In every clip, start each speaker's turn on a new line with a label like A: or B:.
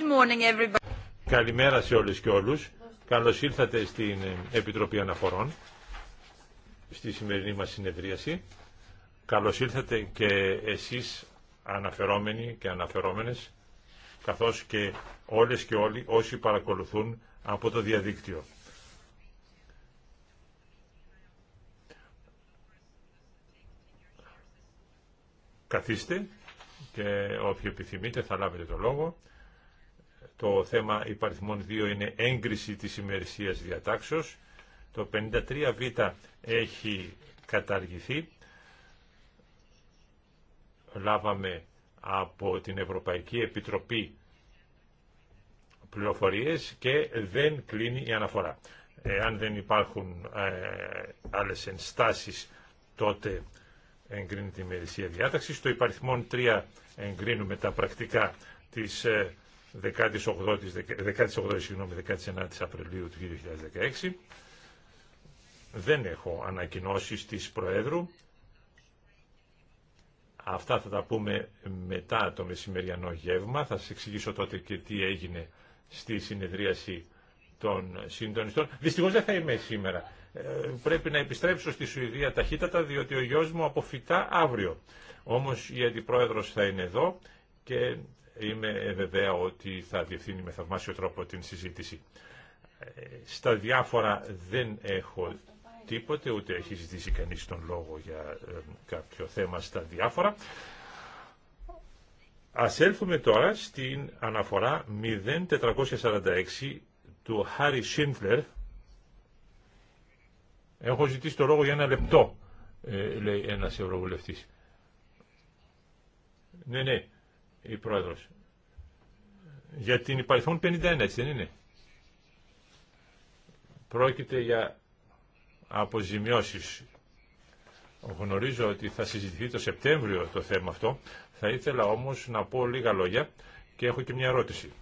A: Good morning
B: Καλημέρα σε όλες και όλους. Καλώς ήρθατε στην Επιτροπή Αναφορών στη σημερινή μας συνεδρίαση. Καλώς ήρθατε και εσείς αναφερόμενοι και αναφερόμενες καθώς και όλες και όλοι όσοι παρακολουθούν από το διαδίκτυο. Καθίστε και όποιοι επιθυμείτε θα λάβετε το λόγο. Το θέμα υπαριθμών 2 είναι έγκριση της ημερησίας διατάξεως. Το 53β έχει καταργηθεί. Λάβαμε από την Ευρωπαϊκή Επιτροπή πληροφορίες και δεν κλείνει η αναφορά. Αν δεν υπάρχουν ε, άλλες ενστάσεις, τότε εγκρίνεται η ημερησία διάταξη. Στο υπαριθμόν 3 εγκρίνουμε τα πρακτικά της ε, 18, η συγγνώμη, 19 Απριλίου του 2016. Δεν έχω ανακοινώσεις της Προέδρου. Αυτά θα τα πούμε μετά το μεσημεριανό γεύμα. Θα σας εξηγήσω τότε και τι έγινε στη συνεδρίαση των συντονιστών. Δυστυχώς δεν θα είμαι σήμερα. Ε, πρέπει να επιστρέψω στη Σουηδία ταχύτατα, διότι ο γιος μου αποφυτά αύριο. Όμως η Αντιπρόεδρος θα είναι εδώ και Είμαι βεβαία ότι θα διευθύνει με θαυμάσιο τρόπο την συζήτηση. Ε, στα διάφορα δεν έχω τίποτε, ούτε έχει ζητήσει κανείς τον λόγο για ε, κάποιο θέμα στα διάφορα. Ας έλθουμε τώρα στην αναφορά 0446 του Χάρι Σίνφλερ. Έχω ζητήσει το λόγο για ένα λεπτό, ε, λέει ένας ευρωβουλευτής. Ναι, ναι, η πρόεδρος. Για την υπαριθμόν 51, έτσι δεν είναι. Πρόκειται για αποζημιώσεις. Γνωρίζω ότι θα συζητηθεί το Σεπτέμβριο το θέμα αυτό. Θα ήθελα όμως να πω λίγα λόγια και έχω και μια ερώτηση.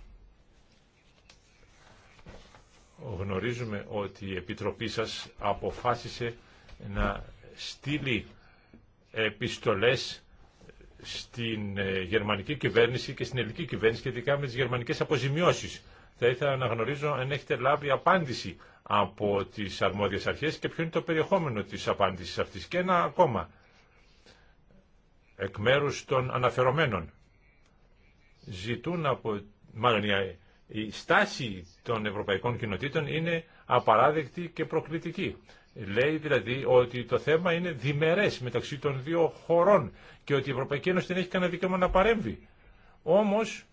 B: Γνωρίζουμε ότι η Επιτροπή σας αποφάσισε να στείλει επιστολές στην ε, γερμανική κυβέρνηση και στην ελληνική κυβέρνηση σχετικά με τις γερμανικές αποζημιώσεις. Θα ήθελα να γνωρίζω αν έχετε λάβει απάντηση από τις αρμόδιες αρχές και ποιο είναι το περιεχόμενο της απάντησης αυτής. Και ένα ακόμα, εκ μέρου των αναφερομένων. Ζητούν από, μάγνια η στάση των ευρωπαϊκών κοινοτήτων είναι απαράδεκτη και προκλητική. Λέει δηλαδή ότι το θέμα είναι διμερές μεταξύ των δύο χωρών και ότι η Ευρωπαϊκή Ένωση δεν έχει κανένα δικαίωμα να παρέμβει. Όμως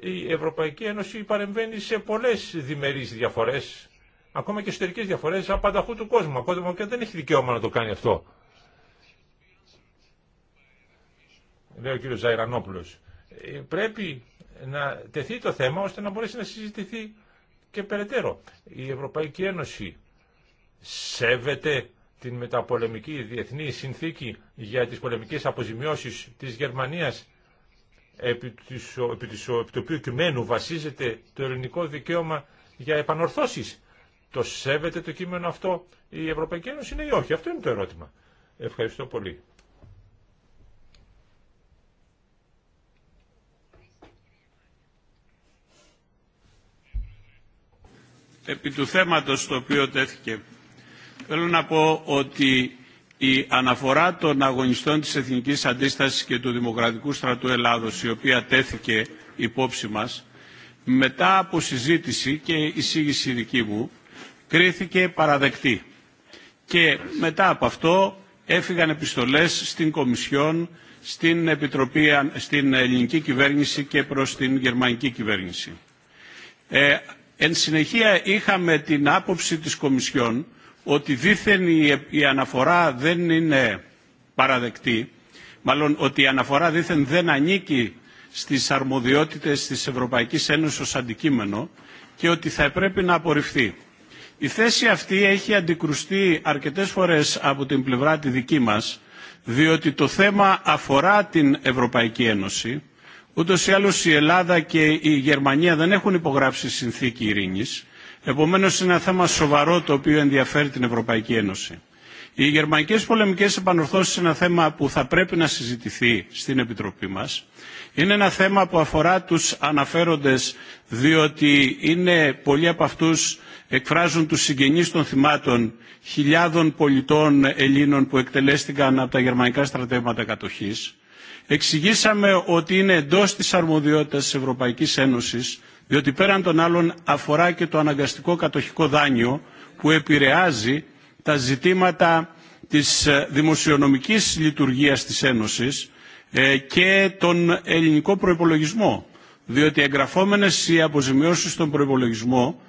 B: η Ευρωπαϊκή Ένωση παρεμβαίνει σε πολλές διμερείς διαφορές, ακόμα και εσωτερικέ διαφορές απανταχού του κόσμου. Ακόμα και δεν έχει δικαίωμα να το κάνει αυτό. Λέει ο κύριος Ζαϊρανόπουλος. Ε, πρέπει να τεθεί το θέμα ώστε να μπορέσει να συζητηθεί και περαιτέρω, η Ευρωπαϊκή Ένωση σέβεται την μεταπολεμική διεθνή συνθήκη για τις πολεμικές αποζημιώσεις της Γερμανίας επί, της, επί, επί του οποίου κειμένου βασίζεται το ελληνικό δικαίωμα για επανορθώσεις. Το σέβεται το κείμενο αυτό η Ευρωπαϊκή Ένωση είναι ή όχι. Αυτό είναι το ερώτημα. Ευχαριστώ πολύ.
C: επί του θέματος το οποίο τέθηκε. Θέλω να πω ότι η αναφορά των αγωνιστών της Εθνικής Αντίστασης και του Δημοκρατικού Στρατού Ελλάδος, η οποία τέθηκε υπόψη μας, μετά από συζήτηση και εισήγηση δική μου, κρίθηκε παραδεκτή. Και μετά από αυτό έφυγαν επιστολές στην Κομισιόν, στην, Επιτροπή, στην ελληνική κυβέρνηση και προς την γερμανική κυβέρνηση. Ε, Εν συνεχεία είχαμε την άποψη της Κομισιόν ότι δήθεν η αναφορά δεν είναι παραδεκτή, μάλλον ότι η αναφορά δήθεν δεν ανήκει στις αρμοδιότητες της Ευρωπαϊκής Ένωσης ως αντικείμενο και ότι θα πρέπει να απορριφθεί. Η θέση αυτή έχει αντικρουστεί αρκετές φορές από την πλευρά τη δική μας, διότι το θέμα αφορά την Ευρωπαϊκή Ένωση Ούτως ή άλλως η Ελλάδα και η Γερμανία δεν έχουν υπογράψει συνθήκη ειρήνης. Επομένως είναι ένα θέμα σοβαρό το οποίο ενδιαφέρει την Ευρωπαϊκή Ένωση. Οι γερμανικές πολεμικές επανορθώσεις είναι ένα θέμα που θα πρέπει να συζητηθεί στην Επιτροπή μας. Είναι ένα θέμα που αφορά τους αναφέροντες διότι είναι πολλοί από αυτούς εκφράζουν τους συγγενείς των θυμάτων χιλιάδων πολιτών Ελλήνων που εκτελέστηκαν από τα γερμανικά στρατεύματα κατοχής. Εξηγήσαμε ότι είναι εντός της αρμοδιότητας της Ευρωπαϊκής Ένωσης, διότι πέραν των άλλων αφορά και το αναγκαστικό κατοχικό δάνειο που επηρεάζει τα ζητήματα της ε, δημοσιονομικής λειτουργίας της Ένωσης ε, και τον ελληνικό προϋπολογισμό. Διότι εγγραφόμενες οι αποζημιώσεις στον προπολογισμό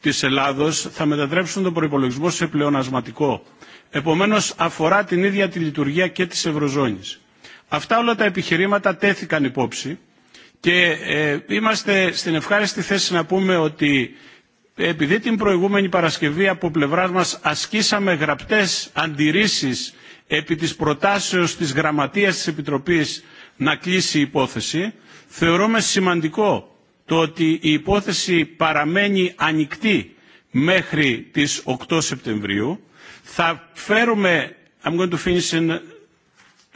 C: της Ελλάδος θα μετατρέψουν τον προϋπολογισμό σε πλεονασματικό. Επομένως αφορά την ίδια τη λειτουργία και της Ευρωζώνης. Αυτά όλα τα επιχειρήματα τέθηκαν υπόψη και ε, είμαστε στην ευχάριστη θέση να πούμε ότι ε, επειδή την προηγούμενη Παρασκευή από πλευράς μας ασκήσαμε γραπτές αντιρρήσεις επί της προτάσεως της Γραμματείας της Επιτροπής να κλείσει η υπόθεση, θεωρούμε σημαντικό το ότι η υπόθεση παραμένει ανοιχτή μέχρι τις 8 Σεπτεμβρίου. Θα φέρουμε, I'm going to finish in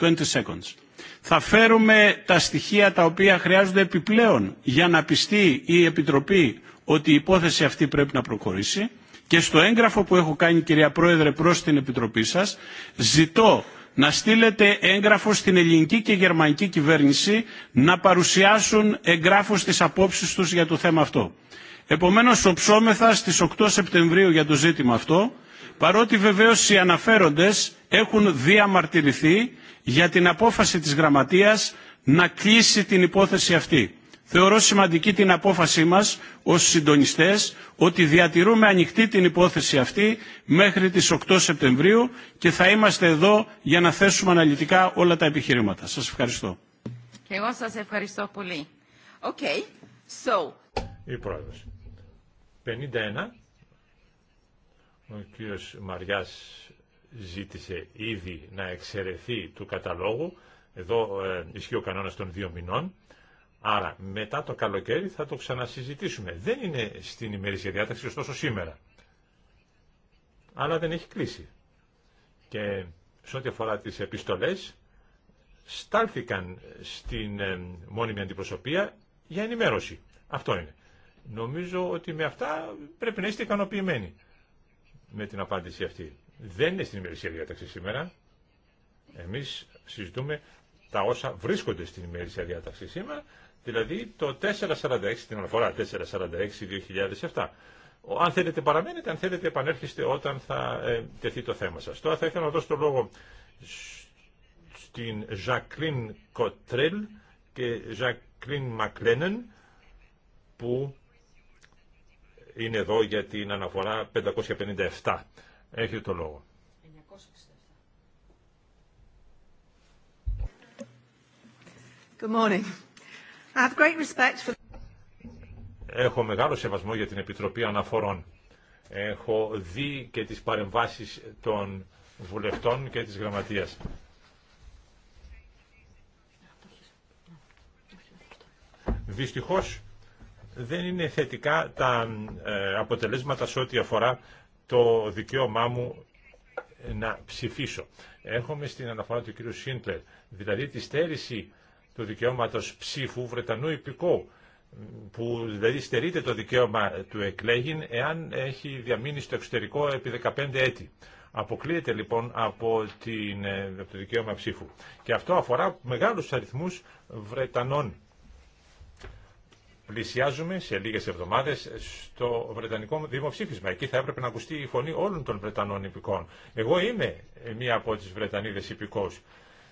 C: 20 seconds. Θα φέρουμε τα στοιχεία τα οποία χρειάζονται επιπλέον για να πιστεί η Επιτροπή ότι η υπόθεση αυτή πρέπει να προχωρήσει και στο έγγραφο που έχω κάνει κυρία Πρόεδρε προς την Επιτροπή σας ζητώ να στείλετε έγγραφο στην ελληνική και γερμανική κυβέρνηση να παρουσιάσουν εγγράφος τις απόψεις τους για το θέμα αυτό. Επομένως, οψόμεθα στις 8 Σεπτεμβρίου για το ζήτημα αυτό, παρότι βεβαίως οι αναφέροντες έχουν διαμαρτυρηθεί για την απόφαση της Γραμματείας να κλείσει την υπόθεση αυτή. Θεωρώ σημαντική την απόφασή μας ως συντονιστές ότι διατηρούμε ανοιχτή την υπόθεση αυτή μέχρι τις 8 Σεπτεμβρίου και θα είμαστε εδώ για να θέσουμε αναλυτικά όλα τα επιχειρήματα. Σας ευχαριστώ.
D: Και εγώ σας ευχαριστώ πολύ. Okay. So...
B: Η πρόεδρος. 51. Ο κύριος Μαριάς ζήτησε ήδη να εξαιρεθεί του καταλόγου. Εδώ ε, ισχύει ο κανόνας των δύο μηνών. Άρα μετά το καλοκαίρι θα το ξανασυζητήσουμε. Δεν είναι στην ημερήσια διάταξη ωστόσο σήμερα. Αλλά δεν έχει κλείσει. Και σε ό,τι αφορά τις επιστολές, στάλθηκαν στην ε, μόνιμη αντιπροσωπεία για ενημέρωση. Αυτό είναι. Νομίζω ότι με αυτά πρέπει να είστε ικανοποιημένοι με την απάντηση αυτή δεν είναι στην ημερησία διάταξη σήμερα. Εμεί συζητούμε τα όσα βρίσκονται στην ημερησία διάταξη σήμερα, δηλαδή το 446, την αναφορά 446-2007. Αν θέλετε παραμένετε, αν θέλετε επανέρχεστε όταν θα ε, τεθεί το θέμα σας. Τώρα θα ήθελα να δώσω το λόγο στην Ζακλίν Κοτρέλ και Ζακλίν Μακλένεν που είναι εδώ για την αναφορά 557. Έχετε το λόγο. Good morning. Έχω μεγάλο σεβασμό για την Επιτροπή Αναφορών. Έχω δει και τις παρεμβάσεις των βουλευτών και της γραμματείας. Δυστυχώς δεν είναι θετικά τα ε, αποτελέσματα σε ό,τι αφορά το δικαίωμά μου να ψηφίσω. Έρχομαι στην αναφορά του κ. Σίντλερ, δηλαδή τη στέρηση του δικαίωματο ψήφου Βρετανού υπηκόου, που δηλαδή στερείται το δικαίωμα του εκλέγην εάν έχει διαμείνει στο εξωτερικό επί 15 έτη. Αποκλείεται λοιπόν από, την, ε, από το δικαίωμα ψήφου. Και αυτό αφορά μεγάλους αριθμούς Βρετανών πλησιάζουμε σε λίγες εβδομάδες στο Βρετανικό δημοψήφισμα. Εκεί θα έπρεπε να ακουστεί η φωνή όλων των Βρετανών υπηκών. Εγώ είμαι μία από τις Βρετανίδες υπηκός.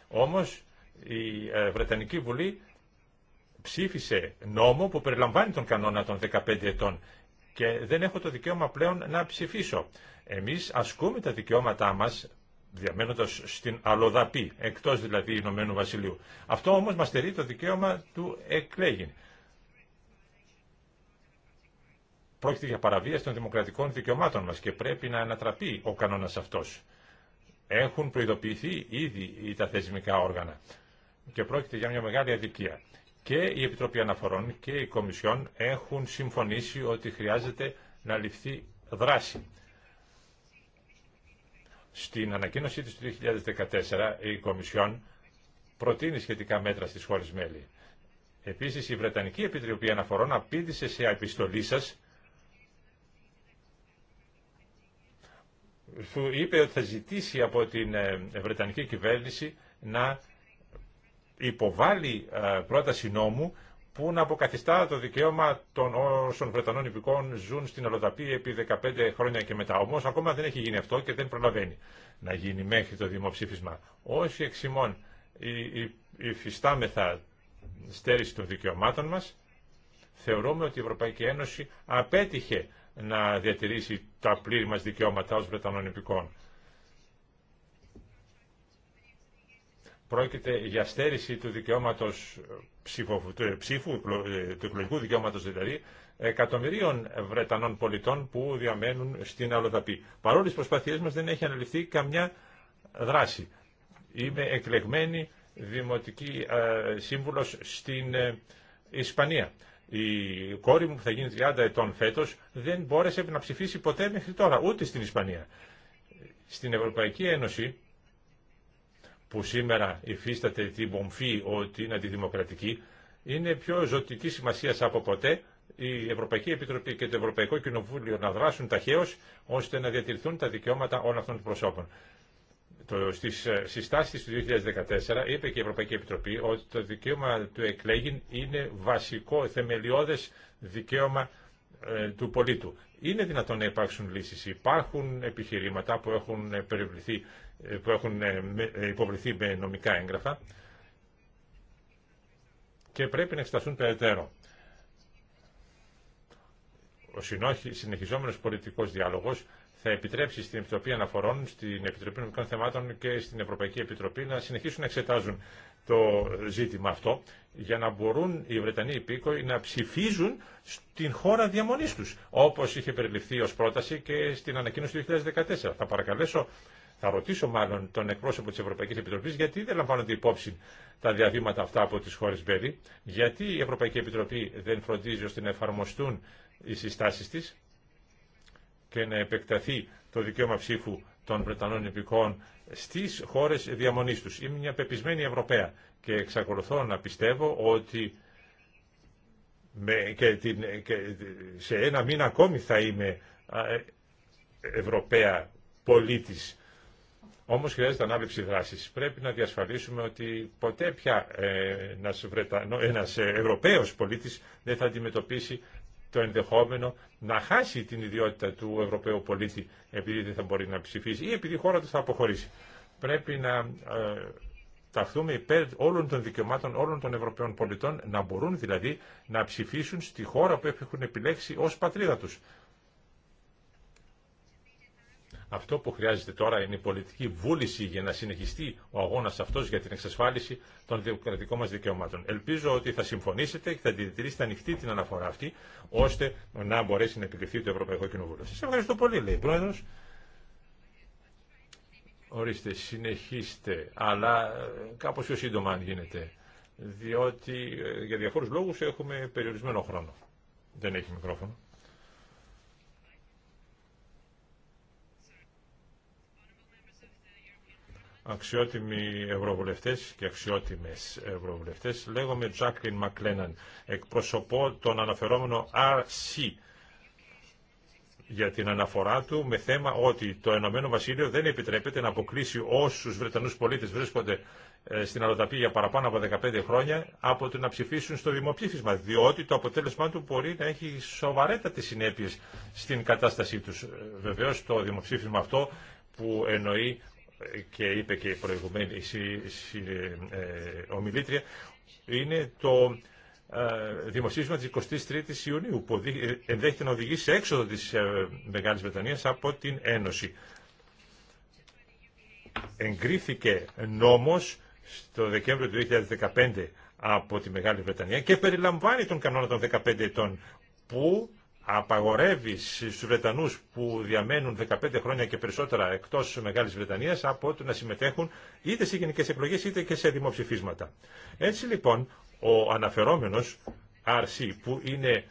B: Όμως η ε, Βρετανική Βουλή ψήφισε νόμο που περιλαμβάνει τον κανόνα των 15 ετών και δεν έχω το δικαίωμα πλέον να ψηφίσω. Εμείς ασκούμε τα δικαιώματά μας διαμένοντας στην Αλοδαπή, εκτός δηλαδή Ηνωμένου Βασιλείου. Αυτό όμως μας στερεί το δικαίωμα του εκλέγην. πρόκειται για παραβίαση των δημοκρατικών δικαιωμάτων μας και πρέπει να ανατραπεί ο κανόνας αυτός. Έχουν προειδοποιηθεί ήδη τα θεσμικά όργανα και πρόκειται για μια μεγάλη αδικία. Και η Επιτροπή Αναφορών και η Κομισιόν έχουν συμφωνήσει ότι χρειάζεται να ληφθεί δράση. Στην ανακοίνωσή της του 2014 η Κομισιόν προτείνει σχετικά μέτρα στις χώρες μέλη. Επίσης η Βρετανική Επιτροπή Αναφορών απήντησε σε επιστολή σας είπε ότι θα ζητήσει από την ε, Βρετανική κυβέρνηση να υποβάλει ε, πρόταση νόμου που να αποκαθιστά το δικαίωμα των όσων Βρετανών υπηκών ζουν στην Ολοδαπή επί 15 χρόνια και μετά. Όμως ακόμα δεν έχει γίνει αυτό και δεν προλαβαίνει να γίνει μέχρι το δημοψήφισμα. Όσοι εξημών υφιστάμεθα στέρηση των δικαιωμάτων μας, θεωρούμε ότι η Ευρωπαϊκή Ένωση απέτυχε να διατηρήσει τα πλήρη μας δικαιώματα ως Βρετανών υπηκών. Πρόκειται για στέρηση του δικαιώματος ε, ψήφου, ε, του εκλογικού δικαιώματος δηλαδή, εκατομμυρίων Βρετανών πολιτών που διαμένουν στην Αλοδαπή. Παρόλε τις προσπάθειές μας δεν έχει αναλυφθεί καμιά δράση. Είμαι εκλεγμένη δημοτική ε, σύμβουλος στην Ισπανία. Η κόρη μου που θα γίνει 30 ετών φέτος δεν μπόρεσε να ψηφίσει ποτέ μέχρι τώρα, ούτε στην Ισπανία. Στην Ευρωπαϊκή Ένωση, που σήμερα υφίσταται την μομφή ότι είναι αντιδημοκρατική, είναι πιο ζωτική σημασία από ποτέ η Ευρωπαϊκή Επιτροπή και το Ευρωπαϊκό Κοινοβούλιο να δράσουν ταχαίω ώστε να διατηρηθούν τα δικαιώματα όλων αυτών των προσώπων το, στις ε, συστάσεις του 2014 είπε και η Ευρωπαϊκή Επιτροπή ότι το δικαίωμα του εκλέγην είναι βασικό, θεμελιώδες δικαίωμα ε, του πολίτου. Είναι δυνατόν να υπάρξουν λύσεις. Υπάρχουν επιχειρήματα που έχουν, ε, που έχουν υποβληθεί με νομικά έγγραφα και πρέπει να εξεταστούν περαιτέρω. Ο συνεχιζόμενος πολιτικός διάλογος θα επιτρέψει στην Επιτροπή Αναφορών, στην Επιτροπή Νομικών Θεμάτων και στην Ευρωπαϊκή Επιτροπή να συνεχίσουν να εξετάζουν το ζήτημα αυτό για να μπορούν οι Βρετανοί υπήκοοι να ψηφίζουν στην χώρα διαμονής τους, όπως είχε περιληφθεί ως πρόταση και στην ανακοίνωση του 2014. Θα παρακαλέσω, θα ρωτήσω μάλλον τον εκπρόσωπο της Ευρωπαϊκής Επιτροπής γιατί δεν λαμβάνονται υπόψη τα διαβήματα αυτά από τις χώρες Μπέρι, γιατί η Ευρωπαϊκή Επιτροπή δεν φροντίζει ώστε να εφαρμοστούν οι συστάσεις της και να επεκταθεί το δικαίωμα ψήφου των Βρετανών υπηκών στις χώρες διαμονής τους. Είμαι μια πεπισμένη Ευρωπαία και εξακολουθώ να πιστεύω ότι με, και, την, σε ένα μήνα ακόμη θα είμαι ε, Ευρωπαία πολίτης. Όμως χρειάζεται ανάπτυξη δράσης. Πρέπει να διασφαλίσουμε ότι ποτέ πια ε, ένας, Βρετα... ένας ε, Ευρωπαίος πολίτης δεν θα αντιμετωπίσει το ενδεχόμενο να χάσει την ιδιότητα του Ευρωπαίου πολίτη επειδή δεν θα μπορεί να ψηφίσει ή επειδή η χώρα του θα αποχωρήσει. Πρέπει να ε, ταχθούμε υπέρ όλων των δικαιωμάτων όλων των Ευρωπαίων πολιτών να μπορούν δηλαδή να ψηφίσουν στη χώρα που έχουν επιλέξει ως πατρίδα τους. Αυτό που χρειάζεται τώρα είναι η πολιτική βούληση για να συνεχιστεί ο αγώνα αυτό για την εξασφάλιση των δημοκρατικών μα δικαιωμάτων. Ελπίζω ότι θα συμφωνήσετε και θα διατηρήσετε ανοιχτή την αναφορά αυτή, ώστε να μπορέσει να επιληφθεί το Ευρωπαϊκό Κοινοβούλιο. Σα ευχαριστώ πολύ, λέει πρόεδρο. Ορίστε, συνεχίστε, αλλά ε, κάπω πιο σύντομα αν γίνεται. Διότι ε, για διαφόρου λόγου έχουμε περιορισμένο χρόνο. Δεν έχει μικρόφωνο. αξιότιμοι ευρωβουλευτές και αξιότιμες ευρωβουλευτές. Λέγομαι Τζάκλιν Μακλέναν, εκπροσωπώ τον αναφερόμενο RC για την αναφορά του με θέμα ότι το Ενωμένο Βασίλειο δεν επιτρέπεται να αποκλείσει όσους Βρετανούς πολίτες βρίσκονται ε, στην Αλοταπή για παραπάνω από 15 χρόνια από το να ψηφίσουν στο δημοψήφισμα, διότι το αποτέλεσμά του μπορεί να έχει σοβαρέτατες συνέπειες στην κατάστασή τους. Ε, βεβαίως το δημοψήφισμα αυτό που εννοεί και είπε και η προηγουμένη ε, ομιλήτρια, είναι το ε, δημοσίευμα της 23ης Ιουνίου που ε, ενδέχεται να οδηγήσει έξοδο της Μεγάλης Βρετανίας από την Ένωση. Εγκρίθηκε νόμος στο Δεκέμβριο του 2015 από τη Μεγάλη Βρετανία και περιλαμβάνει τον κανόνα των 15 ετών που απαγορεύει στους Βρετανούς που διαμένουν 15 χρόνια και περισσότερα εκτός Μεγάλης Βρετανίας από το να συμμετέχουν είτε σε γενικές εκλογές είτε και σε δημοψηφίσματα. Έτσι λοιπόν ο αναφερόμενος RC που είναι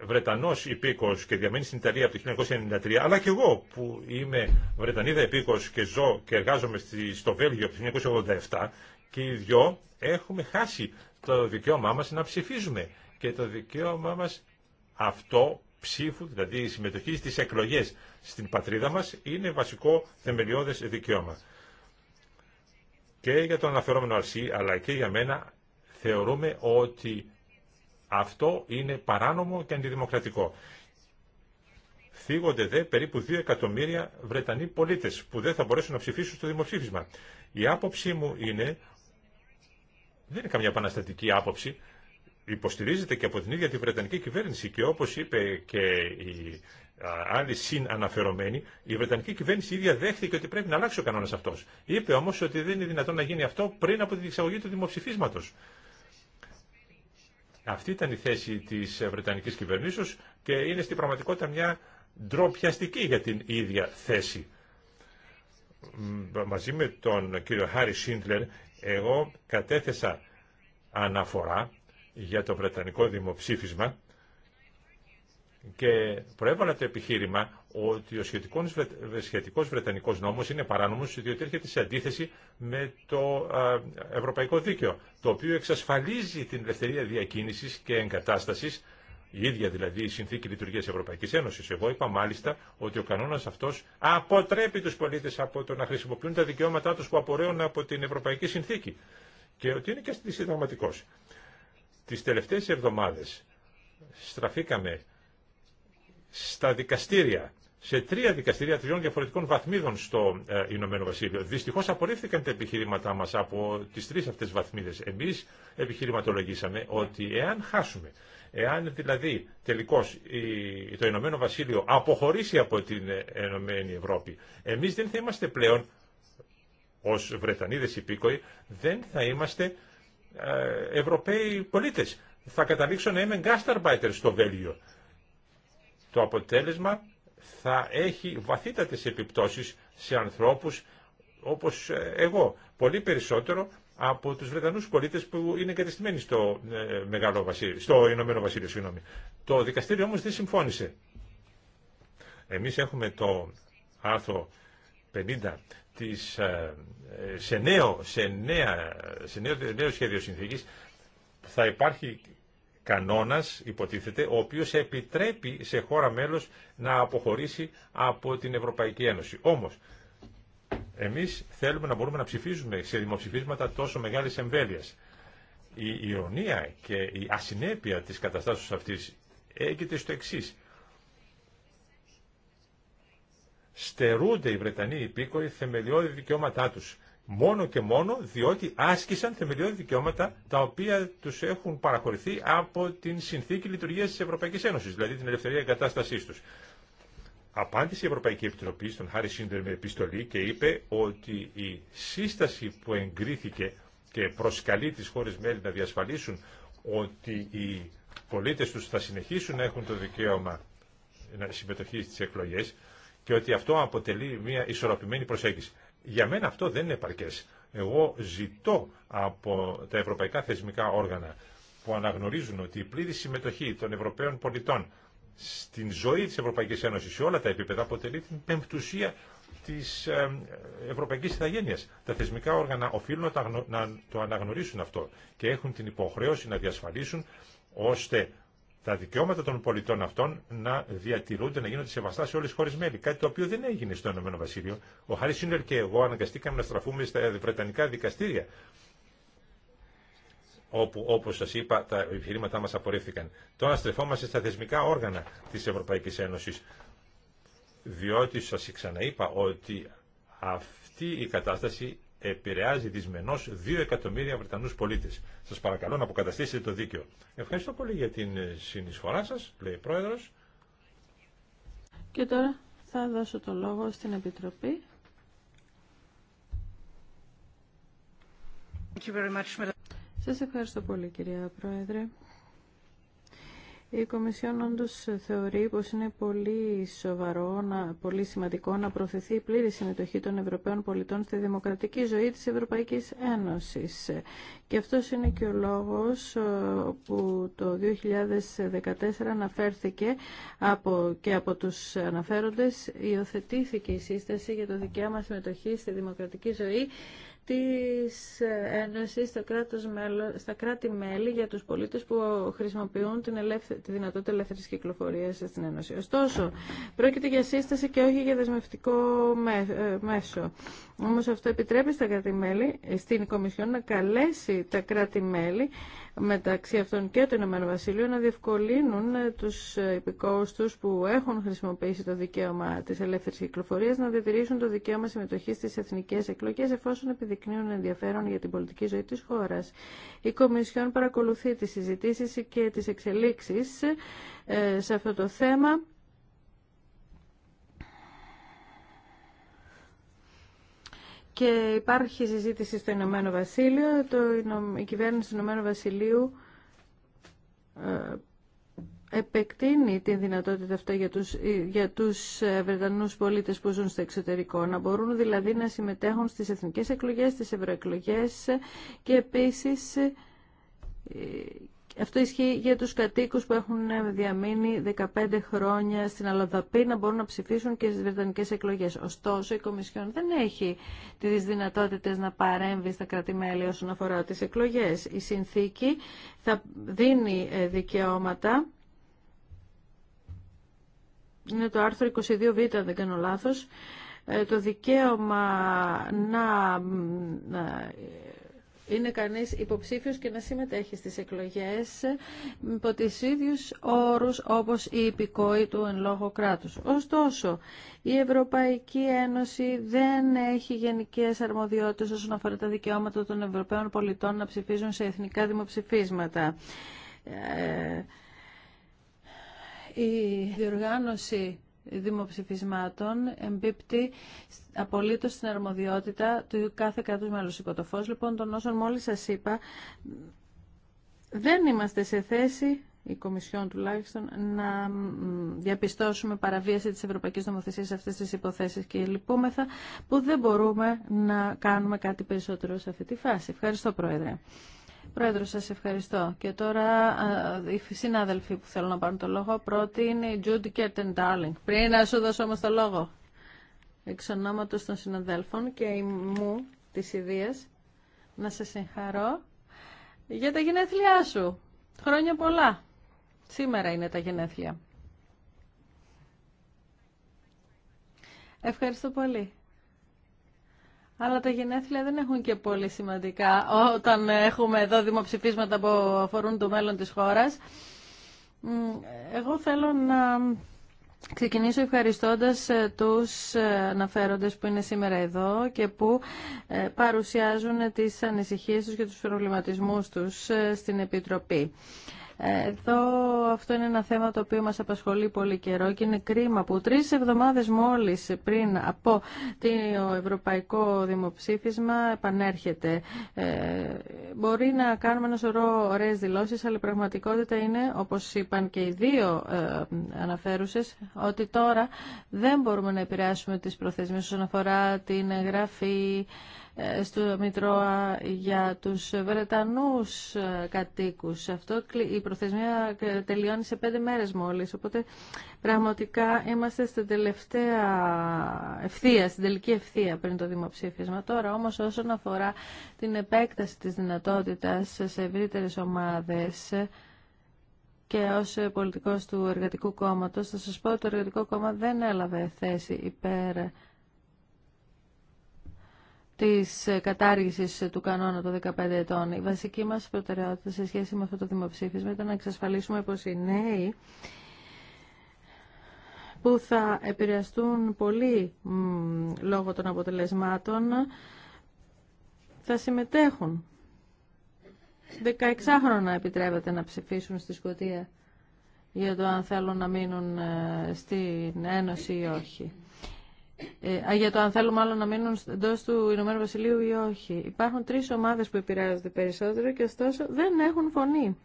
B: Βρετανός υπήκος και διαμένει στην Ιταλία από το 1993 αλλά και εγώ που είμαι Βρετανίδα υπήκος και ζω και εργάζομαι στο Βέλγιο από το 1987 και οι δυο έχουμε χάσει το δικαίωμά μας να ψηφίζουμε και το δικαίωμά μας αυτό ψήφου, δηλαδή η συμμετοχή στις εκλογές στην πατρίδα μας είναι βασικό θεμελιώδες δικαίωμα. Και για τον αναφερόμενο Αρσί, αλλά και για μένα, θεωρούμε ότι αυτό είναι παράνομο και αντιδημοκρατικό. Θίγονται δε περίπου 2 εκατομμύρια Βρετανοί πολίτες που δεν θα μπορέσουν να ψηφίσουν στο δημοψήφισμα. Η άποψή μου είναι, δεν είναι καμιά επαναστατική άποψη, υποστηρίζεται και από την ίδια τη Βρετανική κυβέρνηση και όπως είπε και η άλλη συναναφερομένη, η Βρετανική κυβέρνηση ίδια δέχθηκε ότι πρέπει να αλλάξει ο κανόνας αυτός. Είπε όμως ότι δεν είναι δυνατόν να γίνει αυτό πριν από την εξαγωγή του δημοψηφίσματος. Αυτή ήταν η θέση της Βρετανικής κυβερνήσεως και είναι στην πραγματικότητα μια ντροπιαστική για την ίδια θέση. Μαζί με τον κύριο Χάρι Σίντλερ, εγώ κατέθεσα αναφορά για το Βρετανικό δημοψήφισμα και προέβαλα το επιχείρημα ότι ο σχετικός, βρετανικό ε, Βρετανικός νόμος είναι παράνομος διότι έρχεται σε αντίθεση με το Ευρωπαϊκό Δίκαιο το οποίο εξασφαλίζει την ελευθερία διακίνησης και εγκατάστασης η ίδια δηλαδή η συνθήκη λειτουργία Ευρωπαϊκή Ένωση. Εγώ είπα μάλιστα ότι ο κανόνα αυτό αποτρέπει του πολίτε από το να χρησιμοποιούν τα δικαιώματά του που απορρέουν από την Ευρωπαϊκή Συνθήκη. Και ότι είναι και συνταγματικό. Τις τελευταίες εβδομάδες στραφήκαμε στα δικαστήρια, σε τρία δικαστήρια τριών διαφορετικών βαθμίδων στο ε, Ηνωμένο Βασίλειο. Δυστυχώ απορρίφθηκαν τα επιχειρήματά μα από τι τρει αυτέ βαθμίδε. Εμεί επιχειρηματολογήσαμε ότι εάν χάσουμε, εάν δηλαδή τελικώ το Ηνωμένο Βασίλειο αποχωρήσει από την Ηνωμένη Ευρώπη, εμεί δεν θα είμαστε πλέον ω Βρετανίδε υπήκοοι, δεν θα είμαστε ε, Ευρωπαίοι πολίτες. Θα καταλήξω να είμαι γκάσταρμπάιτερ στο Βέλγιο. Το αποτέλεσμα θα έχει βαθύτατες επιπτώσεις σε ανθρώπους όπως ε, εγώ. Πολύ περισσότερο από τους Βρετανούς πολίτες που είναι εγκατεστημένοι στο, ε, Μεγάλο Βασίλειο, στο Ηνωμένο Βασίλειο. Συγγνώμη. Το δικαστήριο όμως δεν συμφώνησε. Εμείς έχουμε το άρθρο 50 της, ε, σε, νέο, σε, νέα, σε νέο, σχέδιο συνθήκης θα υπάρχει κανόνας, υποτίθεται, ο οποίος επιτρέπει σε χώρα μέλος να αποχωρήσει από την Ευρωπαϊκή Ένωση. Όμως, εμείς θέλουμε να μπορούμε να ψηφίζουμε σε δημοψηφίσματα τόσο μεγάλης εμβέλειας. Η ηρωνία και η ασυνέπεια της καταστάσεως αυτής έγινε στο εξής στερούνται οι Βρετανοί υπήκοοι θεμελιώδη δικαιώματά του, Μόνο και μόνο διότι άσκησαν θεμελιώδη δικαιώματα τα οποία του έχουν παραχωρηθεί από την συνθήκη λειτουργία τη Ευρωπαϊκή Ένωση, δηλαδή την ελευθερία εγκατάστασή του. Απάντησε η Ευρωπαϊκή Επιτροπή στον Χάρη Σίντερ με επιστολή και είπε ότι η σύσταση που εγκρίθηκε και προσκαλεί τις χώρες μέλη να διασφαλίσουν ότι οι πολίτες τους θα συνεχίσουν να έχουν το δικαίωμα συμμετοχή στις εκλογές και ότι αυτό αποτελεί μια ισορροπημένη προσέγγιση. Για μένα αυτό δεν είναι επαρκέ. Εγώ ζητώ από τα ευρωπαϊκά θεσμικά όργανα που αναγνωρίζουν ότι η πλήρη συμμετοχή των Ευρωπαίων πολιτών στην ζωή της Ευρωπαϊκής Ένωσης σε όλα τα επίπεδα αποτελεί την πεμπτουσία της ε, ευρωπαϊκής ηθαγένειας. Τα θεσμικά όργανα οφείλουν να το αναγνωρίσουν αυτό και έχουν την υποχρέωση να διασφαλίσουν ώστε τα δικαιώματα των πολιτών αυτών να διατηρούνται, να γίνονται σεβαστά σε όλε τι χώρε μέλη. Κάτι το οποίο δεν έγινε στο Ηνωμένο Βασίλειο. Ο Χάρη Σίνερ και εγώ αναγκαστήκαμε να στραφούμε στα Βρετανικά δικαστήρια. Όπου, όπω σα είπα, τα επιχειρήματά μα απορρίφθηκαν. Τώρα στρεφόμαστε στα θεσμικά όργανα τη Ευρωπαϊκή Ένωση. Διότι σα ξαναείπα ότι αυτή η κατάσταση επηρεάζει δυσμενώ 2 εκατομμύρια Βρετανούς πολίτες. Σας παρακαλώ να αποκαταστήσετε το δίκαιο. Ευχαριστώ πολύ για την ε, συνεισφορά σας, λέει Πρόεδρος.
A: Και τώρα θα δώσω το λόγο στην Επιτροπή. Σα Σας ευχαριστώ πολύ κυρία Πρόεδρε. Η Κομισιόν όντω θεωρεί πω είναι πολύ σοβαρό, να, πολύ σημαντικό να προωθηθεί η πλήρη συμμετοχή των Ευρωπαίων πολιτών στη δημοκρατική ζωή της Ευρωπαϊκής Ένωσης. Και αυτό είναι και ο λόγος που το 2014 αναφέρθηκε από, και από τους αναφέροντες υιοθετήθηκε η σύσταση για το δικαίωμα συμμετοχή στη δημοκρατική ζωή της Ένωσης στα, κράτος, στα κράτη-μέλη για τους πολίτες που χρησιμοποιούν την τη δυνατότητα ελεύθερης κυκλοφορίας στην Ένωση. Ωστόσο, πρόκειται για σύσταση και όχι για δεσμευτικό ε, μέσο. Όμως αυτό επιτρέπει στα κράτη-μέλη, στην Κομισιόν να καλέσει τα κράτη-μέλη μεταξύ αυτών και του Ηνωμένου Βασιλείου να διευκολύνουν ε, τους ε, υπηκόστους που έχουν χρησιμοποιήσει το δικαίωμα της ελεύθερης κυκλοφορίας να διατηρήσουν το δικαίωμα συμμετοχής στις εθνικές εκλογές εφόσον επιδεικνύουν ενδιαφέρον για την πολιτική ζωή της χώρας. Η Κομισιόν παρακολουθεί τις συζητήσεις και τις εξελίξεις ε, σε αυτό το θέμα και υπάρχει συζήτηση στο Ηνωμένο Βασίλειο. Το, η κυβέρνηση του Ηνωμένου Βασιλείου ε, επεκτείνει την δυνατότητα αυτή για τους, για τους ε, Βρετανούς πολίτες που ζουν στο εξωτερικό, να μπορούν δηλαδή να συμμετέχουν στις εθνικές εκλογές, στις ευρωεκλογές και επίσης ε, αυτό ισχύει για τους κατοίκους που έχουν διαμείνει 15 χρόνια στην Αλοδαπή να μπορούν να ψηφίσουν και στις Βρετανικές εκλογές. Ωστόσο, η Κομισιόν δεν έχει τις δυνατότητες να παρέμβει στα κράτη-μέλη όσον αφορά τις εκλογές. Η συνθήκη θα δίνει ε, δικαιώματα. Είναι το άρθρο 22β, δεν κάνω λάθος. Ε, το δικαίωμα να είναι κανείς υποψήφιος και να συμμετέχει στις εκλογές υπό τις ίδιους όρους όπως η υπηκόη του εν λόγω κράτους. Ωστόσο, η Ευρωπαϊκή Ένωση δεν έχει γενικές αρμοδιότητες όσον αφορά τα δικαιώματα των Ευρωπαίων πολιτών να ψηφίζουν σε εθνικά δημοψηφίσματα. Ε, η διοργάνωση δημοψηφισμάτων εμπίπτει απολύτως στην αρμοδιότητα του κάθε κράτους μέλους. Υπό λοιπόν των όσων μόλις σας είπα, δεν είμαστε σε θέση η Κομισιόν τουλάχιστον, να διαπιστώσουμε παραβίαση της Ευρωπαϊκής Νομοθεσίας σε αυτές τις υποθέσεις και λυπούμεθα που δεν μπορούμε να κάνουμε κάτι περισσότερο σε αυτή τη φάση. Ευχαριστώ, Πρόεδρε. Πρόεδρο, σας ευχαριστώ. Και τώρα οι συνάδελφοι που θέλουν να πάρουν το λόγο. Πρώτη είναι η Τζούντι Κέρτεν Darling. Πριν να σου δώσω όμω το λόγο. Εξ ονόματο των συναδέλφων και η μου τη ιδία, να σε συγχαρώ για τα γενέθλιά σου. Χρόνια πολλά. Σήμερα είναι τα γενέθλια. Ευχαριστώ πολύ. Αλλά τα γενέθλια δεν έχουν και πολύ σημαντικά όταν έχουμε εδώ δημοψηφίσματα που αφορούν το μέλλον της χώρας. Εγώ θέλω να ξεκινήσω ευχαριστώντας ε, τους ε, αναφέροντες που είναι σήμερα εδώ και που ε, παρουσιάζουν τις ανησυχίες τους και τους προβληματισμούς τους στην Επιτροπή. Εδώ αυτό είναι ένα θέμα το οποίο μας απασχολεί πολύ καιρό και είναι κρίμα που τρεις εβδομάδες μόλις πριν από το ευρωπαϊκό δημοψήφισμα επανέρχεται. Ε, μπορεί να κάνουμε ένα σωρό ωραίες δηλώσεις, αλλά η πραγματικότητα είναι, όπως είπαν και οι δύο ε, αναφέρουσες, ότι τώρα δεν μπορούμε να επηρεάσουμε τις προθεσμίες όσον αφορά την γραφή ε, στο Μητρώα για τους Βρετανούς ε, κατοίκους. Αυτό η προθεσμία ε, τελειώνει σε πέντε μέρες μόλις, οπότε πραγματικά είμαστε στην τελευταία ευθεία, στην τελική ευθεία πριν το δημοψήφισμα. Τώρα όμως όσον αφορά την επέκταση της δυνατότητας σε ευρύτερε ομάδες, και ως πολιτικός του Εργατικού Κόμματος θα σας πω ότι το Εργατικό Κόμμα δεν έλαβε θέση υπέρ της ε, κατάργησης του κανόνα των 15 ετών. Η βασική μας προτεραιότητα σε σχέση με αυτό το δημοψήφισμα ήταν να εξασφαλίσουμε πως οι νέοι που θα επηρεαστούν πολύ λόγω των αποτελεσμάτων θα συμμετέχουν. χρόνια επιτρέπεται να ψηφίσουν στη Σκωτία για το αν θέλουν να μείνουν ε, στην Ένωση ή όχι ε, για το αν θέλουν μάλλον να μείνουν εντό του Ηνωμένου Βασιλείου ή όχι. Υπάρχουν τρει ομάδε που επηρεάζονται περισσότερο και ωστόσο δεν έχουν φωνή.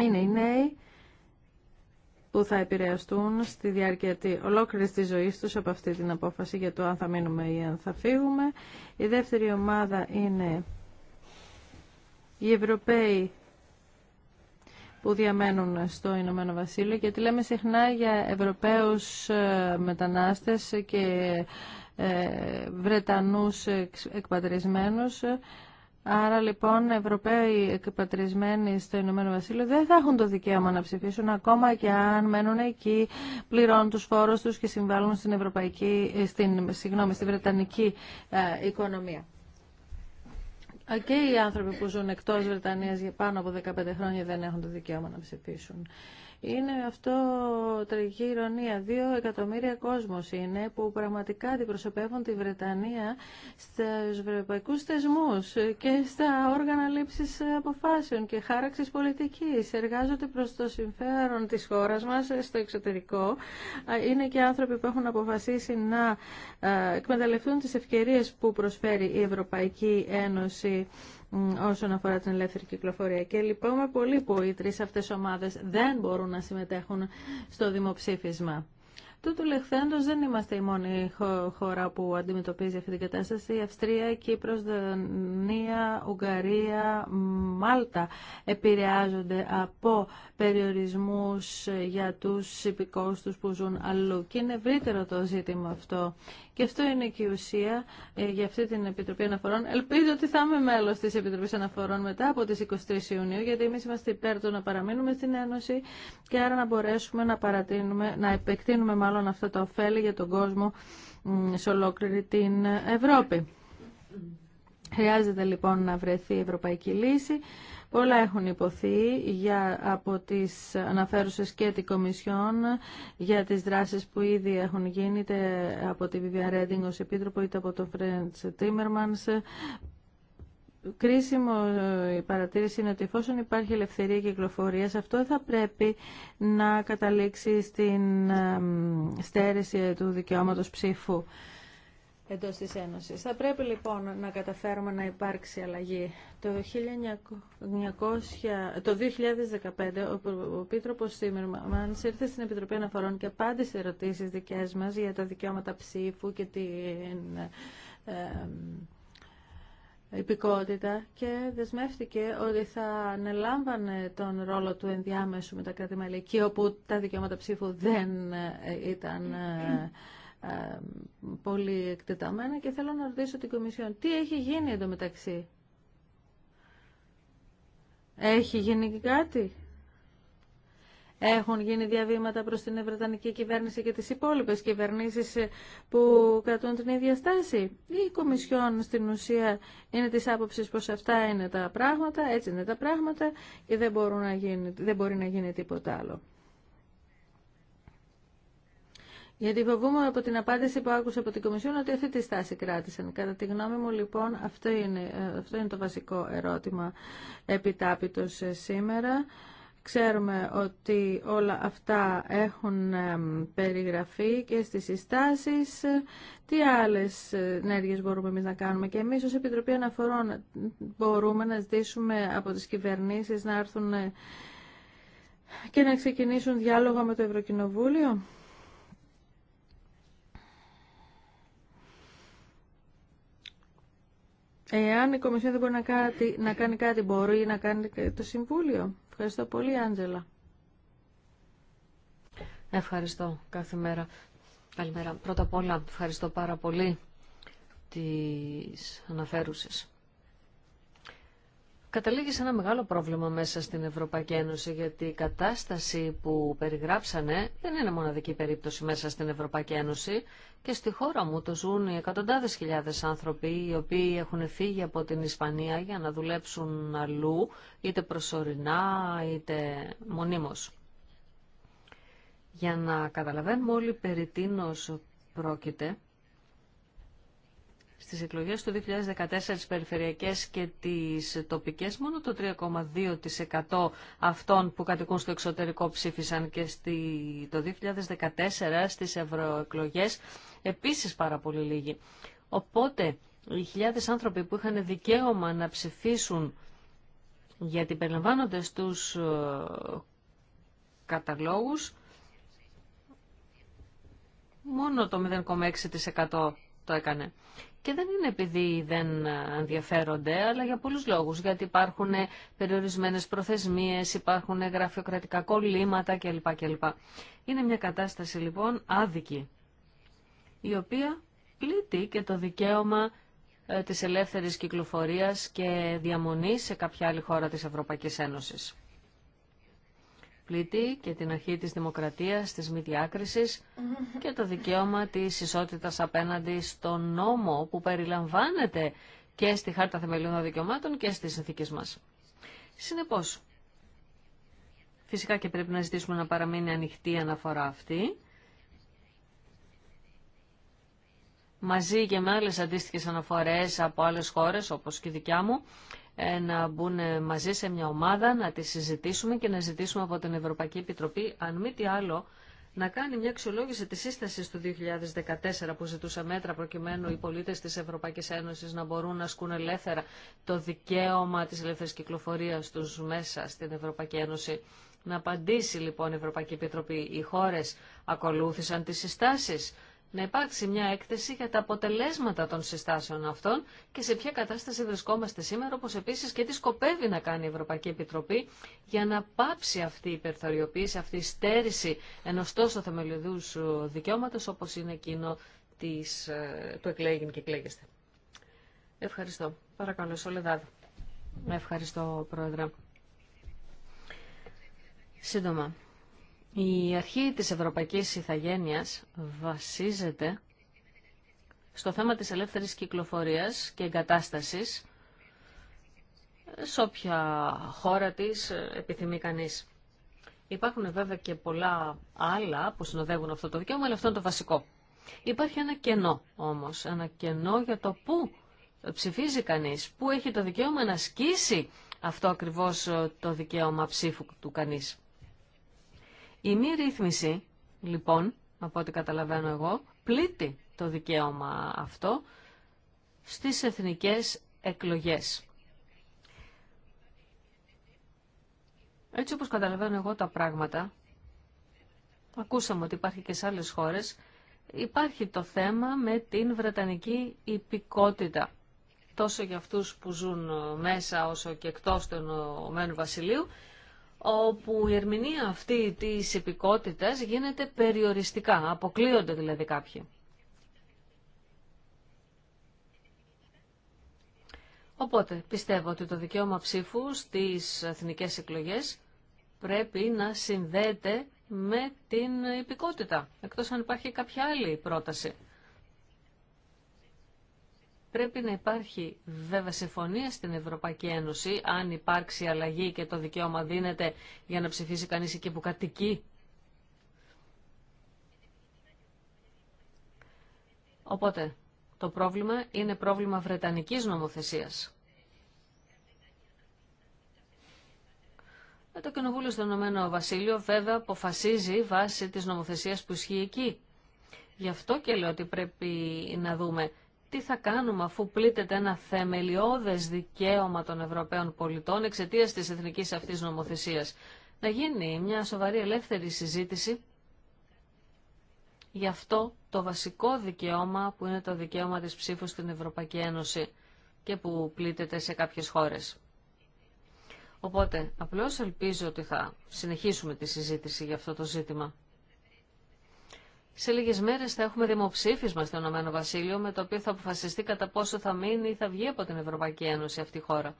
A: Είναι οι νέοι που θα επηρεαστούν στη διάρκεια ολόκληρη τη ζωή του από αυτή την απόφαση για το αν θα μείνουμε ή αν θα φύγουμε. Η δεύτερη ομάδα είναι οι Ευρωπαίοι που διαμένουν στο Ηνωμένο Βασίλειο γιατί λέμε συχνά για Ευρωπαίους ε, μετανάστες και ε, Βρετανούς εκπατρισμένους Άρα λοιπόν Ευρωπαίοι εκπατρισμένοι στο Ηνωμένο Βασίλειο δεν θα έχουν το δικαίωμα να ψηφίσουν ακόμα και αν μένουν εκεί, πληρώνουν τους φόρους τους και συμβάλλουν στην, ευρωπαϊκή, ε, στην, συγγνώμη, στην Βρετανική οικονομία. Και οι άνθρωποι που ζουν εκτός Βρετανίας για πάνω από 15 χρόνια δεν έχουν το δικαίωμα να ψηφίσουν. Είναι αυτό τραγική ηρωνία. Δύο εκατομμύρια κόσμος είναι που πραγματικά αντιπροσωπεύουν τη Βρετανία στους ευρωπαϊκούς θεσμούς και στα όργανα λήψης αποφάσεων και χάραξης πολιτικής. Εργάζονται προς το συμφέρον της χώρας μας στο εξωτερικό. Είναι και άνθρωποι που έχουν αποφασίσει να ε, εκμεταλλευτούν τις ευκαιρίες που προσφέρει η Ευρωπαϊκή Ένωση όσον αφορά την ελεύθερη κυκλοφορία. Και λυπάμαι πολύ που οι τρεις αυτές ομάδες δεν μπορούν να συμμετέχουν στο δημοψήφισμα. Τούτου λεχθέντος δεν είμαστε η μόνη χώρα που αντιμετωπίζει αυτή την κατάσταση. Η Αυστρία, Κύπρος, Δανία, Ουγγαρία, Μάλτα επηρεάζονται από περιορισμούς για τους υπηκόους τους που ζουν αλλού. Και είναι ευρύτερο το ζήτημα αυτό. Και αυτό είναι και η ουσία ε, για αυτή την Επιτροπή Αναφορών. Ελπίζω ότι θα είμαι μέλος της Επιτροπής Αναφορών μετά από τις 23 Ιουνίου, γιατί εμείς είμαστε υπέρ του να παραμείνουμε στην Ένωση και άρα να μπορέσουμε να παρατείνουμε, να επεκτείνουμε μάλλον αυτά τα ωφέλη για τον κόσμο σε ολόκληρη την Ευρώπη. Χρειάζεται λοιπόν να βρεθεί η ευρωπαϊκή λύση. Πολλά έχουν υποθεί για, από τις αναφέρουσες και την Κομισιόν για τις δράσεις που ήδη έχουν γίνει από τη Βιβια Ρέντινγκ ως Επίτροπο είτε από τον Φρέντς Τίμερμανς. Κρίσιμο ε, η παρατήρηση είναι ότι εφόσον υπάρχει ελευθερία κυκλοφορία, αυτό θα πρέπει να καταλήξει στην ε, στέρηση του δικαιώματος ψήφου εντός της Ένωσης. Θα πρέπει λοιπόν να καταφέρουμε να υπάρξει αλλαγή. Το, 1900, το 2015 ο Επίτροπος Σίμερμαν ήρθε στην Επιτροπή Αναφορών και απάντησε ερωτήσεις δικές μας για τα δικαιώματα ψήφου και την ε, υπηκότητα και δεσμεύτηκε ότι θα ανελάμβανε τον ρόλο του ενδιάμεσου με τα κράτη-μέλη εκεί όπου τα δικαιώματα ψήφου δεν ε, ήταν ε, πολύ εκτεταμένα και θέλω να ρωτήσω την Κομισιόν τι έχει γίνει εντωμεταξύ. Έχει γίνει κάτι. Έχουν γίνει διαβήματα προς την Βρετανική κυβέρνηση και τις υπόλοιπες κυβερνήσεις ε, που κρατούν την ίδια στάση. Η Κομισιόν στην ουσία είναι της άποψης πως αυτά είναι τα πράγματα, έτσι είναι τα πράγματα και δεν, να γίνει, δεν μπορεί να γίνει τίποτα άλλο. Γιατί φοβούμαι από την απάντηση που άκουσα από την Κομισιόν ότι αυτή τη στάση κράτησαν. Κατά τη γνώμη μου λοιπόν αυτό είναι, ε, αυτό είναι το βασικό ερώτημα επιτάπητος ε, σήμερα. Ξέρουμε ότι όλα αυτά έχουν περιγραφεί και στις συστάσεις. Τι άλλες ε, ενέργειες μπορούμε εμείς να κάνουμε και εμείς ως Επιτροπή Αναφορών μπορούμε να ζητήσουμε από τις κυβερνήσεις να έρθουν και να ξεκινήσουν διάλογο με το Ευρωκοινοβούλιο. Εάν η Κομισιόν δεν μπορεί να, να κάνει κάτι, μπορεί να κάνει το Συμβούλιο. Ευχαριστώ πολύ, Άντζελα.
E: Ευχαριστώ κάθε μέρα. Καλημέρα. Πρώτα απ' όλα, ευχαριστώ πάρα πολύ τις αναφέρουσες καταλήγει σε ένα μεγάλο πρόβλημα μέσα στην Ευρωπαϊκή Ένωση, γιατί η κατάσταση που περιγράψανε δεν είναι μοναδική περίπτωση μέσα στην Ευρωπαϊκή Ένωση και στη χώρα μου το ζουν οι εκατοντάδε χιλιάδες άνθρωποι οι οποίοι έχουν φύγει από την Ισπανία για να δουλέψουν αλλού, είτε προσωρινά είτε μονίμως. Για να καταλαβαίνουμε όλοι περί τίνος πρόκειται, στις εκλογές του 2014 τις περιφερειακές και τις τοπικές μόνο το 3,2% αυτών που κατοικούν στο εξωτερικό ψήφισαν και στη, το 2014 στις ευρωεκλογές επίσης πάρα πολύ λίγοι. Οπότε οι χιλιάδες άνθρωποι που είχαν δικαίωμα να ψηφίσουν γιατί περιλαμβάνονται στους ε, καταλόγους μόνο το 0,6% το έκανε. Και δεν είναι επειδή δεν ενδιαφέρονται, αλλά για πολλούς λόγους. Γιατί υπάρχουν περιορισμένες προθεσμίες, υπάρχουν γραφειοκρατικά κολλήματα κλπ. κλπ. Είναι μια κατάσταση λοιπόν άδικη, η οποία πλήττει και το δικαίωμα ε, της ελεύθερης κυκλοφορίας και διαμονής σε κάποια άλλη χώρα της Ευρωπαϊκής Ένωσης πλήτη και την αρχή της δημοκρατίας, της μη διάκρισης και το δικαίωμα της ισότητας απέναντι στον νόμο που περιλαμβάνεται και στη Χάρτα Θεμελιών Δικαιωμάτων και στις συνθήκες μας. Συνεπώς, φυσικά και πρέπει να ζητήσουμε να παραμείνει ανοιχτή η αναφορά αυτή, μαζί και με άλλες αντίστοιχες αναφορές από άλλες χώρες, όπως και η δικιά μου, ε, να μπουν μαζί σε μια ομάδα, να τη συζητήσουμε και να ζητήσουμε από την Ευρωπαϊκή Επιτροπή, αν μη τι άλλο, να κάνει μια αξιολόγηση τη σύσταση του 2014 που ζητούσε μέτρα προκειμένου οι πολίτε τη Ευρωπαϊκή Ένωση να μπορούν να ασκούν ελεύθερα το δικαίωμα τη ελεύθερη κυκλοφορία του μέσα στην Ευρωπαϊκή Ένωση. Να απαντήσει λοιπόν η Ευρωπαϊκή Επιτροπή. Οι χώρε ακολούθησαν τι συστάσει να υπάρξει μια έκθεση για τα αποτελέσματα των συστάσεων αυτών και σε ποια κατάσταση βρισκόμαστε σήμερα, όπως επίσης και τι σκοπεύει να κάνει η Ευρωπαϊκή Επιτροπή για να πάψει αυτή η υπερθωριοποίηση, αυτή η στέρηση ενός τόσο θεμελιωδούς ε, δικαιώματος όπως είναι εκείνο της, ε, του εκλέγην και εκλέγεστε. Ευχαριστώ. Παρακαλώ, Σολεδάδ. Ευχαριστώ, Πρόεδρε. Σύντομα. Η αρχή της Ευρωπαϊκής Ιθαγένειας βασίζεται στο θέμα της ελεύθερης κυκλοφορίας και εγκατάστασης σε όποια χώρα της επιθυμεί κανείς. Υπάρχουν βέβαια και πολλά άλλα που συνοδεύουν αυτό το δικαίωμα, αλλά αυτό είναι το βασικό. Υπάρχει ένα κενό όμως, ένα κενό για το πού ψηφίζει κανείς, πού έχει το δικαίωμα να σκίσει αυτό ακριβώς το δικαίωμα ψήφου του κανείς. Η μη ρύθμιση, λοιπόν, από ό,τι καταλαβαίνω εγώ, πλήττει το δικαίωμα αυτό στις εθνικές εκλογές. Έτσι όπως καταλαβαίνω εγώ τα πράγματα, ακούσαμε ότι υπάρχει και σε άλλες χώρες, υπάρχει το θέμα με την Βρετανική υπηκότητα. Τόσο για αυτούς που ζουν μέσα όσο και εκτός του Ενωμένου Βασιλείου όπου η ερμηνεία αυτή της επικότητας γίνεται περιοριστικά, αποκλείονται δηλαδή κάποιοι. Οπότε πιστεύω ότι το δικαίωμα ψήφου στις εθνικές εκλογές πρέπει να συνδέεται με την υπηκότητα, εκτός αν υπάρχει κάποια άλλη πρόταση πρέπει να υπάρχει βέβαια συμφωνία στην Ευρωπαϊκή Ένωση, αν υπάρξει αλλαγή και το δικαίωμα δίνεται για να ψηφίσει κανείς εκεί που κατοικεί. Οπότε, το πρόβλημα είναι πρόβλημα βρετανικής νομοθεσίας. Ε, το Κοινοβούλιο στο Ηνωμένο Βασίλειο βέβαια αποφασίζει βάσει της νομοθεσίας που ισχύει εκεί. Γι' αυτό και λέω ότι πρέπει να δούμε τι θα κάνουμε αφού πλήττεται ένα θεμελιώδες δικαίωμα των Ευρωπαίων πολιτών εξαιτίας της εθνικής αυτής νομοθεσίας. Να γίνει μια σοβαρή ελεύθερη συζήτηση για αυτό το βασικό δικαίωμα που είναι το δικαίωμα της ψήφου στην Ευρωπαϊκή Ένωση και που πλήττεται σε κάποιες χώρες. Οπότε, απλώς ελπίζω ότι θα συνεχίσουμε τη συζήτηση για αυτό το ζήτημα. Σε λίγε μέρε θα έχουμε δημοψήφισμα στο Ηνωμένο Βασίλειο με το οποίο θα αποφασιστεί κατά πόσο θα μείνει ή θα βγει από την Ευρωπαϊκή Ένωση αυτή η χώρα.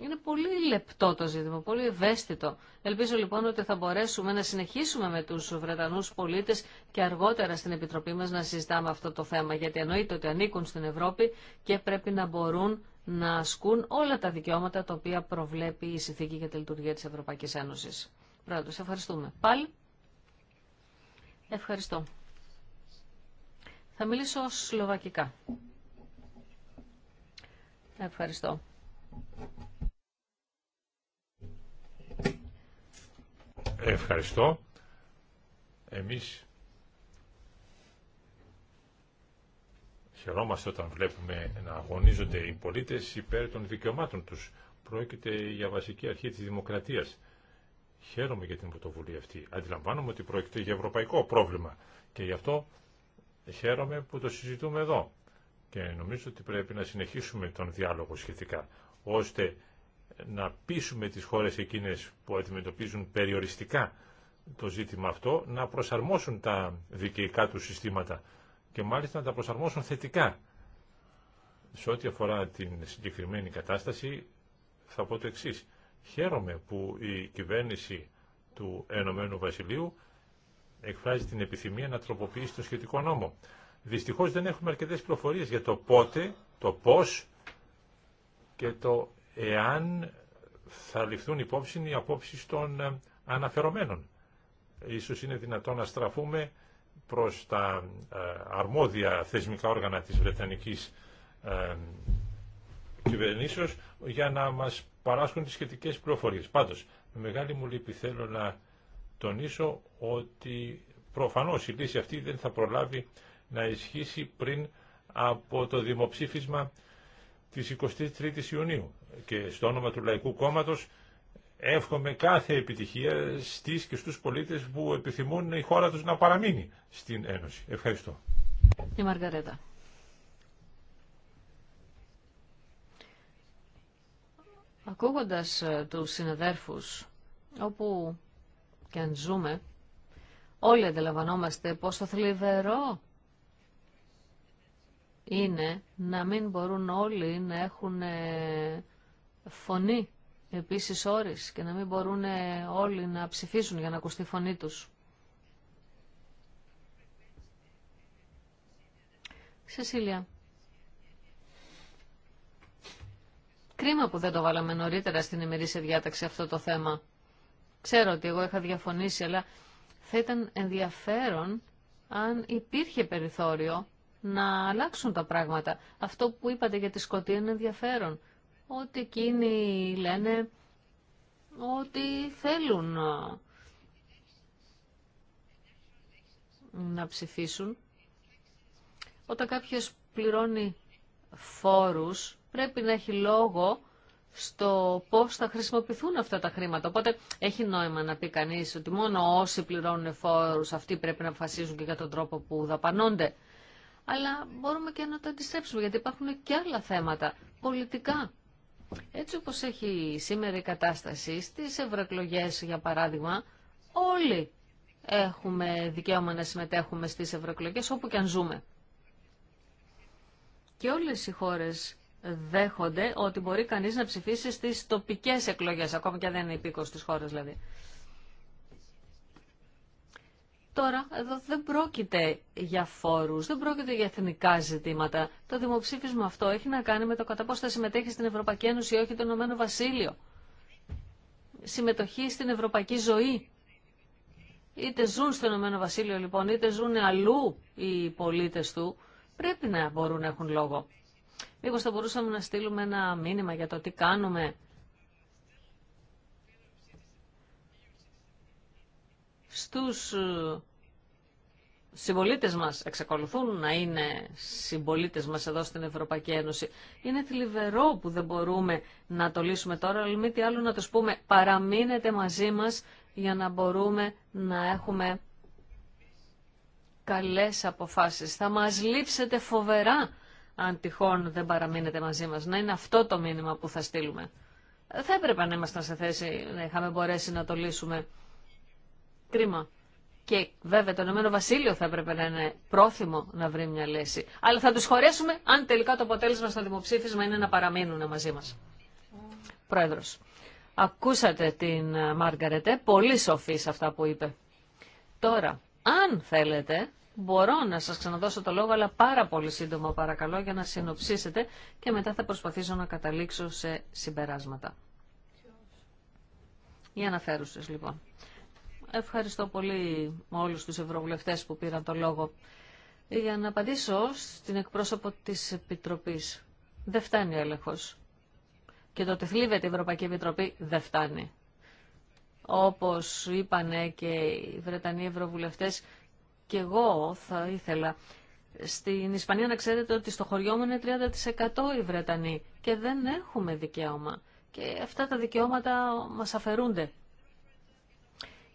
E: Είναι πολύ λεπτό το ζήτημα, πολύ ευαίσθητο. Ελπίζω λοιπόν ότι θα μπορέσουμε να συνεχίσουμε με του Βρετανού πολίτε και αργότερα στην Επιτροπή μα να συζητάμε αυτό το θέμα, γιατί εννοείται ότι ανήκουν στην Ευρώπη και πρέπει να μπορούν να ασκούν όλα τα δικαιώματα τα οποία προβλέπει η Συνθήκη για τη Λειτουργία της Ευρωπαϊκής Ένωσης. Πρώτα, ευχαριστούμε. Πάλι. Ευχαριστώ. Θα μιλήσω σλοβακικά. Ευχαριστώ.
B: Ευχαριστώ. Εμείς χαιρόμαστε όταν βλέπουμε να αγωνίζονται οι πολίτες υπέρ των δικαιωμάτων τους. Πρόκειται για βασική αρχή της δημοκρατίας. Χαίρομαι για την πρωτοβουλία αυτή. Αντιλαμβάνομαι ότι πρόκειται για ευρωπαϊκό πρόβλημα και γι' αυτό χαίρομαι που το συζητούμε εδώ. Και νομίζω ότι πρέπει να συνεχίσουμε τον διάλογο σχετικά, ώστε να πείσουμε τις χώρες εκείνες που αντιμετωπίζουν περιοριστικά το ζήτημα αυτό, να προσαρμόσουν τα δικαιικά του συστήματα και μάλιστα να τα προσαρμόσουν θετικά. Σε ό,τι αφορά την συγκεκριμένη κατάσταση, θα πω το εξής Χαίρομαι που η κυβέρνηση του Ενωμένου Βασιλείου εκφράζει την επιθυμία να τροποποιήσει το σχετικό νόμο. Δυστυχώς δεν έχουμε αρκετές πληροφορίες για το πότε, το πώς και το εάν θα ληφθούν υπόψη οι απόψεις των ε, αναφερομένων. Ίσως είναι δυνατόν να στραφούμε προς τα ε, αρμόδια θεσμικά όργανα της Βρετανική ε, για να μας παράσχουν τις σχετικές πληροφορίε. Πάντω, με μεγάλη μου λύπη θέλω να τονίσω ότι προφανώς η λύση αυτή δεν θα προλάβει να ισχύσει πριν από το δημοψήφισμα τη 23 η Ιουνίου. Και στο όνομα του Λαϊκού Κόμματος εύχομαι κάθε επιτυχία στις και στου πολίτες που επιθυμούν η χώρα του να παραμείνει στην Ένωση. Ευχαριστώ.
E: Η Μαργαρέτα. Ακούγοντας ε, τους συναδέρφους, όπου και αν ζούμε, όλοι αντιλαμβανόμαστε πόσο θλιβερό είναι να μην μπορούν όλοι να έχουν ε, φωνή επίσης όρης και να μην μπορούν ε, όλοι να ψηφίσουν για να ακουστεί η φωνή τους. Σεσίλια, Κρίμα που δεν το βάλαμε νωρίτερα στην ημερήσια διάταξη αυτό το θέμα. Ξέρω ότι εγώ είχα διαφωνήσει, αλλά θα ήταν ενδιαφέρον αν υπήρχε περιθώριο να αλλάξουν τα πράγματα. Αυτό που είπατε για τη σκοτία είναι ενδιαφέρον. Ότι εκείνοι λένε ότι θέλουν να ψηφίσουν. Όταν κάποιος πληρώνει φόρους πρέπει να έχει λόγο στο πώ θα χρησιμοποιηθούν αυτά τα χρήματα. Οπότε έχει νόημα να πει κανεί ότι μόνο όσοι πληρώνουν φόρους αυτοί πρέπει να αποφασίζουν και για τον τρόπο που δαπανώνται. Αλλά μπορούμε και να το αντιστρέψουμε γιατί υπάρχουν και άλλα θέματα πολιτικά. Έτσι όπως έχει σήμερα η κατάσταση στις ευρωεκλογέ, για παράδειγμα, όλοι έχουμε δικαίωμα να συμμετέχουμε στις ευρωεκλογέ όπου και αν ζούμε. Και όλες οι χώρες δέχονται ότι μπορεί κανείς να ψηφίσει στις τοπικές εκλογές, ακόμα και αν δεν είναι υπήκος της χώρας δηλαδή. Τώρα, εδώ δεν πρόκειται για φόρους, δεν πρόκειται για εθνικά ζητήματα. Το δημοψήφισμα αυτό έχει να κάνει με το κατά πώς θα συμμετέχει στην Ευρωπαϊκή Ένωση ή όχι το Ηνωμένο Βασίλειο. Συμμετοχή στην ευρωπαϊκή ζωή. Είτε ζουν στο Ηνωμένο Βασίλειο λοιπόν, είτε ζουν αλλού οι πολίτες του, πρέπει να μπορούν να έχουν λόγο. Μήπως θα μπορούσαμε να στείλουμε ένα μήνυμα για το τι κάνουμε. Στους ε, συμπολίτες μας εξακολουθούν να είναι συμπολίτες μας εδώ στην Ευρωπαϊκή Ένωση. Είναι θλιβερό που δεν μπορούμε να το λύσουμε τώρα, αλλά μη τι άλλο να τους πούμε παραμείνετε μαζί μας για να μπορούμε να έχουμε καλές αποφάσεις. Θα μας λείψετε φοβερά αν τυχόν δεν παραμείνετε μαζί μας. Να είναι αυτό το μήνυμα που θα στείλουμε. Θα έπρεπε να ήμασταν σε θέση να είχαμε μπορέσει να το λύσουμε. Κρίμα. Και βέβαια το Ηνωμένο Βασίλειο θα έπρεπε να είναι πρόθυμο να βρει μια λύση. Αλλά θα του χωρέσουμε αν τελικά το αποτέλεσμα στο δημοψήφισμα είναι να παραμείνουν μαζί μας. Προέδρο. ακούσατε την Μάργαρετέ, ε? πολύ σοφή σε αυτά που είπε. Τώρα, αν θέλετε, Μπορώ να σας ξαναδώσω το λόγο, αλλά πάρα πολύ σύντομα παρακαλώ για να συνοψίσετε και μετά θα προσπαθήσω να καταλήξω σε συμπεράσματα. Οι αναφέρουσες λοιπόν. Ευχαριστώ πολύ όλους τους ευρωβουλευτές που πήραν το λόγο. Για να απαντήσω στην εκπρόσωπο της Επιτροπής. Δεν φτάνει ο έλεγχος. Και το ότι θλίβεται η Ευρωπαϊκή Επιτροπή δεν φτάνει. Όπως είπανε και οι Βρετανοί ευρωβουλευτές, και εγώ θα ήθελα στην Ισπανία να ξέρετε ότι στο χωριό μου είναι 30% οι Βρετανοί και δεν έχουμε δικαίωμα. Και αυτά τα δικαιώματα μας αφαιρούνται.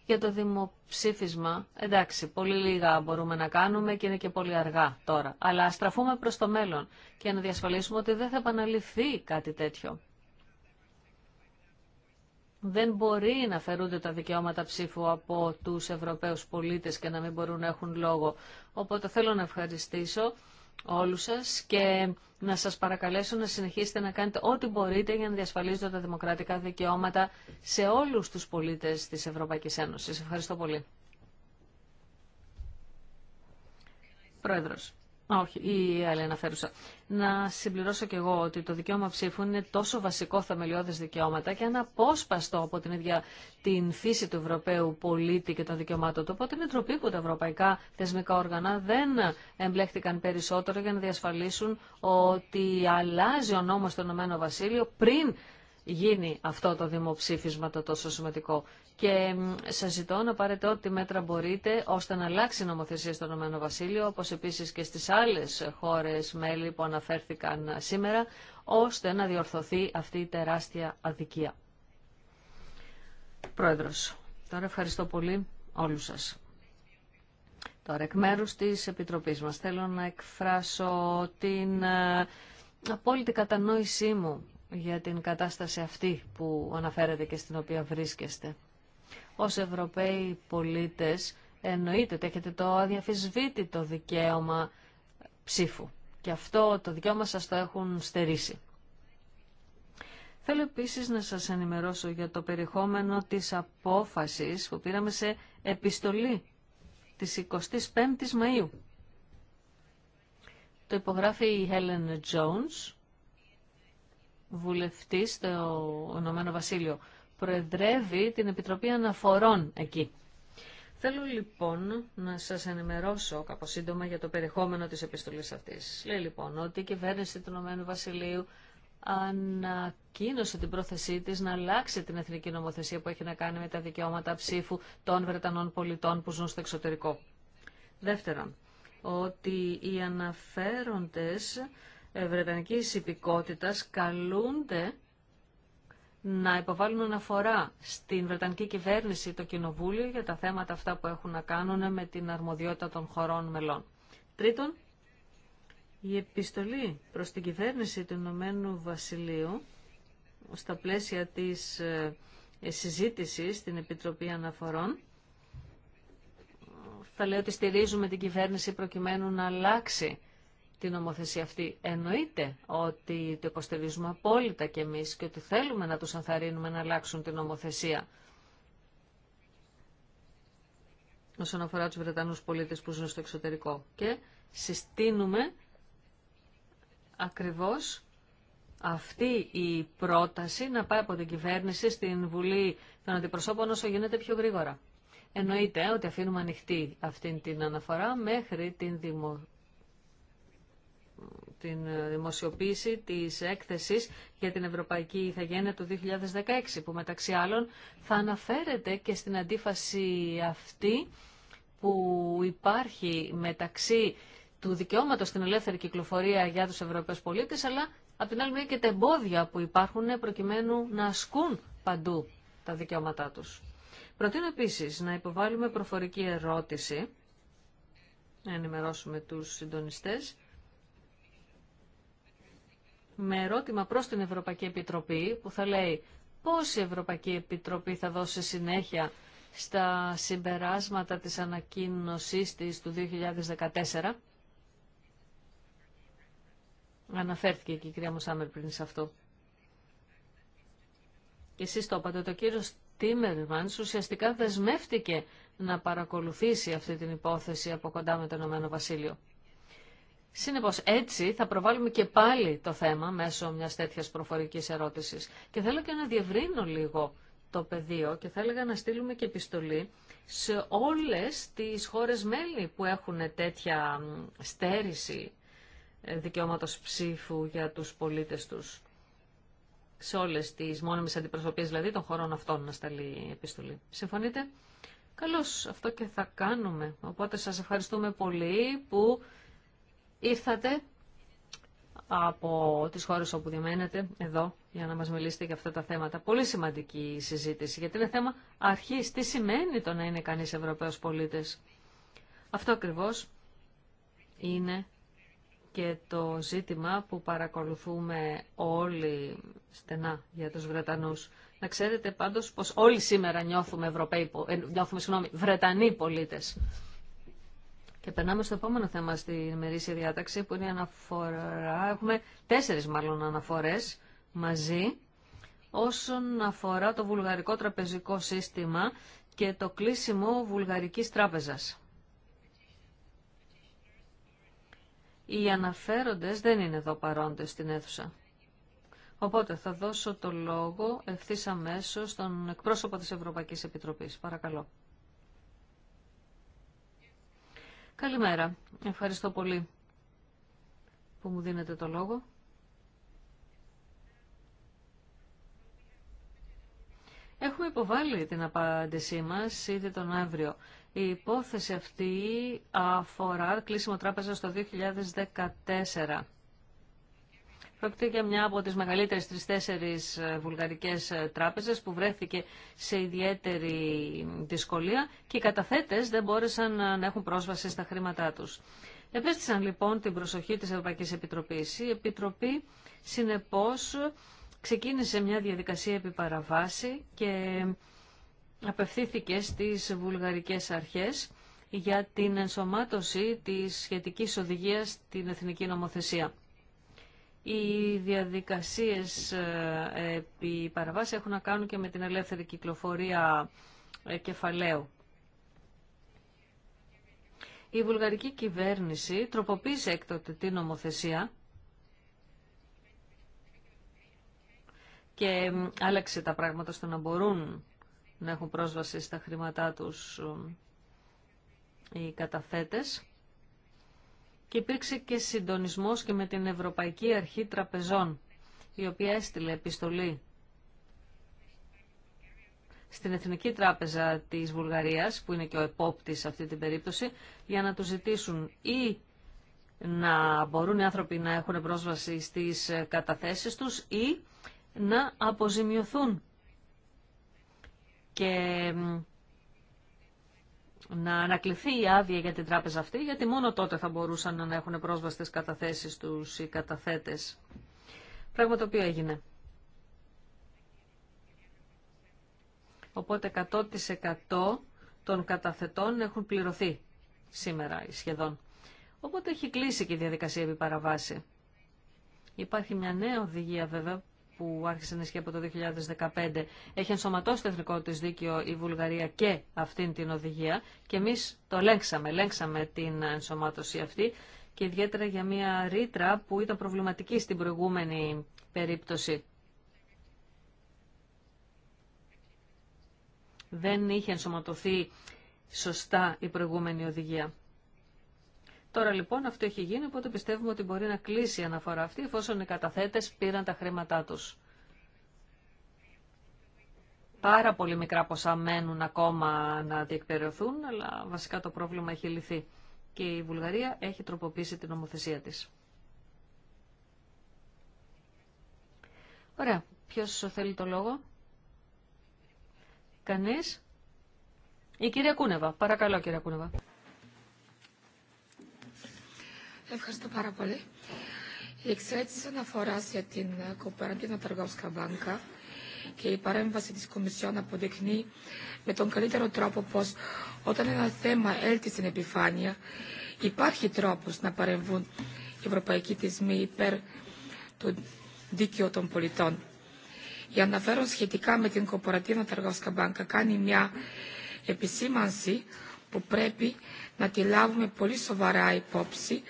E: Για το δημοψήφισμα, εντάξει, πολύ λίγα μπορούμε να κάνουμε και είναι και πολύ αργά τώρα. Αλλά στραφούμε προς το μέλλον και να διασφαλίσουμε ότι δεν θα επαναληφθεί κάτι τέτοιο δεν μπορεί να φερούνται τα δικαιώματα ψήφου από τους Ευρωπαίους πολίτες και να μην μπορούν να έχουν λόγο. Οπότε θέλω να ευχαριστήσω όλους σας και να σας παρακαλέσω να συνεχίσετε να κάνετε ό,τι μπορείτε για να διασφαλίζετε τα δημοκρατικά δικαιώματα σε όλους τους πολίτες της Ευρωπαϊκής Ένωσης. Ευχαριστώ πολύ. Όχι, η άλλη αναφέρουσα. Να συμπληρώσω και εγώ ότι το δικαίωμα ψήφου είναι τόσο βασικό θεμελιώδες δικαιώματα και αναπόσπαστο από την ίδια την φύση του Ευρωπαίου πολίτη και των δικαιωμάτων του. Οπότε είναι τροπή που τα ευρωπαϊκά θεσμικά όργανα δεν εμπλέχτηκαν περισσότερο για να διασφαλίσουν ότι αλλάζει ο νόμος του Ηνωμένο Βασίλειο πριν γίνει αυτό το δημοψήφισμα το τόσο σημαντικό. Και σας ζητώ να πάρετε ό,τι μέτρα μπορείτε ώστε να αλλάξει η νομοθεσία στο Ηνωμένο Βασίλειο, όπως επίσης και στις άλλες χώρες μέλη που αναφέρθηκαν σήμερα, ώστε να διορθωθεί αυτή η τεράστια αδικία. Προεδρο. τώρα ευχαριστώ πολύ όλους σας. Τώρα, εκ μέρου τη Επιτροπή μα, θέλω να εκφράσω την ε, απόλυτη κατανόησή μου για την κατάσταση αυτή που αναφέρετε και στην οποία βρίσκεστε. Ως Ευρωπαίοι πολίτες εννοείται ότι έχετε το αδιαφυσβήτητο δικαίωμα ψήφου και αυτό το δικαίωμα σας το έχουν στερήσει. Θέλω επίσης να σας ενημερώσω για το περιεχόμενο της απόφασης που πήραμε σε επιστολή της 25ης Μαΐου. Το υπογράφει η Helen Jones βουλευτής στο Ηνωμένο Βασίλειο. Προεδρεύει την Επιτροπή Αναφορών εκεί. Θέλω λοιπόν να σας ενημερώσω κάπω σύντομα για το περιεχόμενο τη επιστολή αυτή. Λέει λοιπόν ότι η κυβέρνηση του Ηνωμένου Βασιλείου ανακοίνωσε την πρόθεσή της να αλλάξει την εθνική νομοθεσία που έχει να κάνει με τα δικαιώματα ψήφου των Βρετανών πολιτών που ζουν στο εξωτερικό. Δεύτερον, ότι οι αναφέροντες ε, βρετανικής υπηκότητας καλούνται να υποβάλουν αναφορά στην Βρετανική κυβέρνηση το Κοινοβούλιο για τα θέματα αυτά που έχουν να κάνουν με την αρμοδιότητα των χωρών μελών. Τρίτον, η επιστολή προς την κυβέρνηση του Ηνωμένου Βασιλείου στα πλαίσια της ε, συζήτησης στην Επιτροπή Αναφορών θα λέω ότι στηρίζουμε την κυβέρνηση προκειμένου να αλλάξει την νομοθεσία αυτή. Εννοείται ότι το υποστηρίζουμε απόλυτα κι εμείς και ότι θέλουμε να τους ανθαρρύνουμε να αλλάξουν την νομοθεσία. Όσον αφορά τους Βρετανούς πολίτες που ζουν στο εξωτερικό. Και συστήνουμε ακριβώς αυτή η πρόταση να πάει από την κυβέρνηση στην Βουλή των Αντιπροσώπων όσο γίνεται πιο γρήγορα. Εννοείται ότι αφήνουμε ανοιχτή αυτή την αναφορά μέχρι την δημο την ε, δημοσιοποίηση της έκθεσης για την Ευρωπαϊκή Ιθαγένεια του 2016, που μεταξύ άλλων θα αναφέρεται και στην αντίφαση αυτή που υπάρχει μεταξύ του δικαιώματος στην ελεύθερη κυκλοφορία για τους Ευρωπαίους πολίτες, αλλά από την άλλη και τα εμπόδια που υπάρχουν προκειμένου να ασκούν παντού τα δικαιώματά τους. Προτείνω επίσης να υποβάλουμε προφορική ερώτηση, να ενημερώσουμε τους συντονιστές, με ερώτημα προς την Ευρωπαϊκή Επιτροπή που θα λέει πώς η Ευρωπαϊκή Επιτροπή θα δώσει συνέχεια στα συμπεράσματα της ανακοίνωσής της του 2014. Αναφέρθηκε και η κυρία Μουσάμερ πριν σε αυτό. Και εσείς το είπατε, το κύριο Τίμερμανς ουσιαστικά δεσμεύτηκε να παρακολουθήσει αυτή την υπόθεση από κοντά με το Ηνωμένο Βασίλειο. Συνεπώ έτσι θα προβάλλουμε και πάλι το θέμα μέσω μιας τέτοια προφορικής ερώτηση Και θέλω και να διευρύνω λίγο το πεδίο και θα έλεγα να στείλουμε και επιστολή σε όλες τις χώρες μέλη που έχουν τέτοια στέρηση ε, δικαιώματος ψήφου για τους πολίτες τους. Σε όλες τις μόνιμες αντιπροσωπείες δηλαδή των χωρών αυτών να σταλεί η επιστολή. Συμφωνείτε? Καλώς αυτό και θα κάνουμε. Οπότε σας ευχαριστούμε πολύ που ήρθατε από τις χώρες όπου διαμένετε εδώ για να μας μιλήσετε για αυτά τα θέματα. Πολύ σημαντική η συζήτηση γιατί είναι θέμα αρχής. Τι σημαίνει το να είναι κανείς Ευρωπαίος πολίτης. Αυτό ακριβώς είναι και το ζήτημα που παρακολουθούμε όλοι στενά για τους Βρετανούς. Να ξέρετε πάντως πως όλοι σήμερα νιώθουμε, Ευρωπαίοι, ε, συγγνώμη, Βρετανοί πολίτες. Και περνάμε στο επόμενο θέμα στη μερίσια διάταξη που είναι αναφορά. Έχουμε τέσσερις μάλλον αναφορές μαζί όσον αφορά το βουλγαρικό τραπεζικό σύστημα και το κλείσιμο βουλγαρικής τράπεζας. Οι αναφέροντες δεν είναι εδώ παρόντες στην αίθουσα. Οπότε θα δώσω το λόγο ευθύ αμέσω στον εκπρόσωπο της Ευρωπαϊκής Επιτροπής. Παρακαλώ. Καλημέρα. Ευχαριστώ πολύ που μου δίνετε το λόγο. Έχουμε υποβάλει την απάντησή μας ήδη τον αύριο. Η υπόθεση αυτή αφορά κλείσιμο τράπεζα το 2014. Πρόκειται για μια από τις μεγαλύτερες τέσσερι ε, βουλγαρικές ε, τράπεζες που βρέθηκε σε ιδιαίτερη δυσκολία και οι καταθέτες δεν μπόρεσαν ε, να έχουν πρόσβαση στα χρήματά τους. Επέστησαν λοιπόν την προσοχή της Ευρωπαϊκής Επιτροπής. Η Επιτροπή συνεπώς ξεκίνησε μια διαδικασία επιπαραβάση και απευθύθηκε στις βουλγαρικές αρχές για την ενσωμάτωση της σχετικής οδηγίας στην εθνική νομοθεσία. Οι διαδικασίες ε, επί παραβάση έχουν να κάνουν και με την ελεύθερη κυκλοφορία ε, κεφαλαίου. Η βουλγαρική κυβέρνηση τροποποίησε έκτοτε την νομοθεσία και άλλαξε τα πράγματα στο να μπορούν να έχουν πρόσβαση στα χρήματά τους οι καταθέτες και υπήρξε και συντονισμός και με την Ευρωπαϊκή Αρχή Τραπεζών, η οποία έστειλε επιστολή στην Εθνική Τράπεζα της Βουλγαρίας, που είναι και ο επόπτης σε αυτή την περίπτωση, για να του ζητήσουν ή να μπορούν οι άνθρωποι να έχουν πρόσβαση στις καταθέσεις τους ή να αποζημιωθούν. Και να ανακληθεί η άδεια για την τράπεζα αυτή, γιατί μόνο τότε θα μπορούσαν να έχουν πρόσβαση στις καταθέσεις τους οι καταθέτες. Πράγμα το οποίο έγινε. Οπότε 100% των καταθετών έχουν πληρωθεί σήμερα σχεδόν. Οπότε έχει κλείσει και η διαδικασία επί Υπάρχει μια νέα οδηγία βέβαια που άρχισε να ισχύει από το 2015. Έχει ενσωματώσει το εθνικό της δίκαιο η Βουλγαρία και αυτήν την οδηγία και εμεί το λέξαμε, λέξαμε την ενσωμάτωση αυτή και ιδιαίτερα για μια ρήτρα που ήταν προβληματική στην προηγούμενη περίπτωση. Δεν είχε ενσωματωθεί σωστά η προηγούμενη οδηγία. Τώρα λοιπόν αυτό έχει γίνει, οπότε πιστεύουμε ότι μπορεί να κλείσει η αναφορά αυτή, εφόσον οι καταθέτες πήραν τα χρήματά τους. Πάρα πολύ μικρά ποσά μένουν ακόμα να διεκπαιρεωθούν, αλλά βασικά το πρόβλημα έχει λυθεί και η Βουλγαρία έχει τροποποιήσει την νομοθεσία της. Ωραία. Ποιος θέλει το λόγο? Κανείς? Η κυρία Κούνεβα. Παρακαλώ κυρία Κούνεβα. Ευχαριστώ πάρα πολύ. Η εξαιρέτηση
D: αναφορά αναφοράς για την ε, Κοπεραντίνα Ταργόφσκα Βάνκα και η παρέμβαση της Κομισιόν αποδεικνύει με τον καλύτερο τρόπο πως όταν ένα θέμα έλθει στην επιφάνεια υπάρχει τρόπος να παρεμβούν οι ευρωπαϊκοί θεσμοί υπέρ του δίκαιου των πολιτών. Η αναφέρον σχετικά με την Κοπορατήνα Ταργόσκα Μπάνκα κάνει μια επισήμανση που πρέπει να τη λάβουμε πολύ σοβαρά υπόψη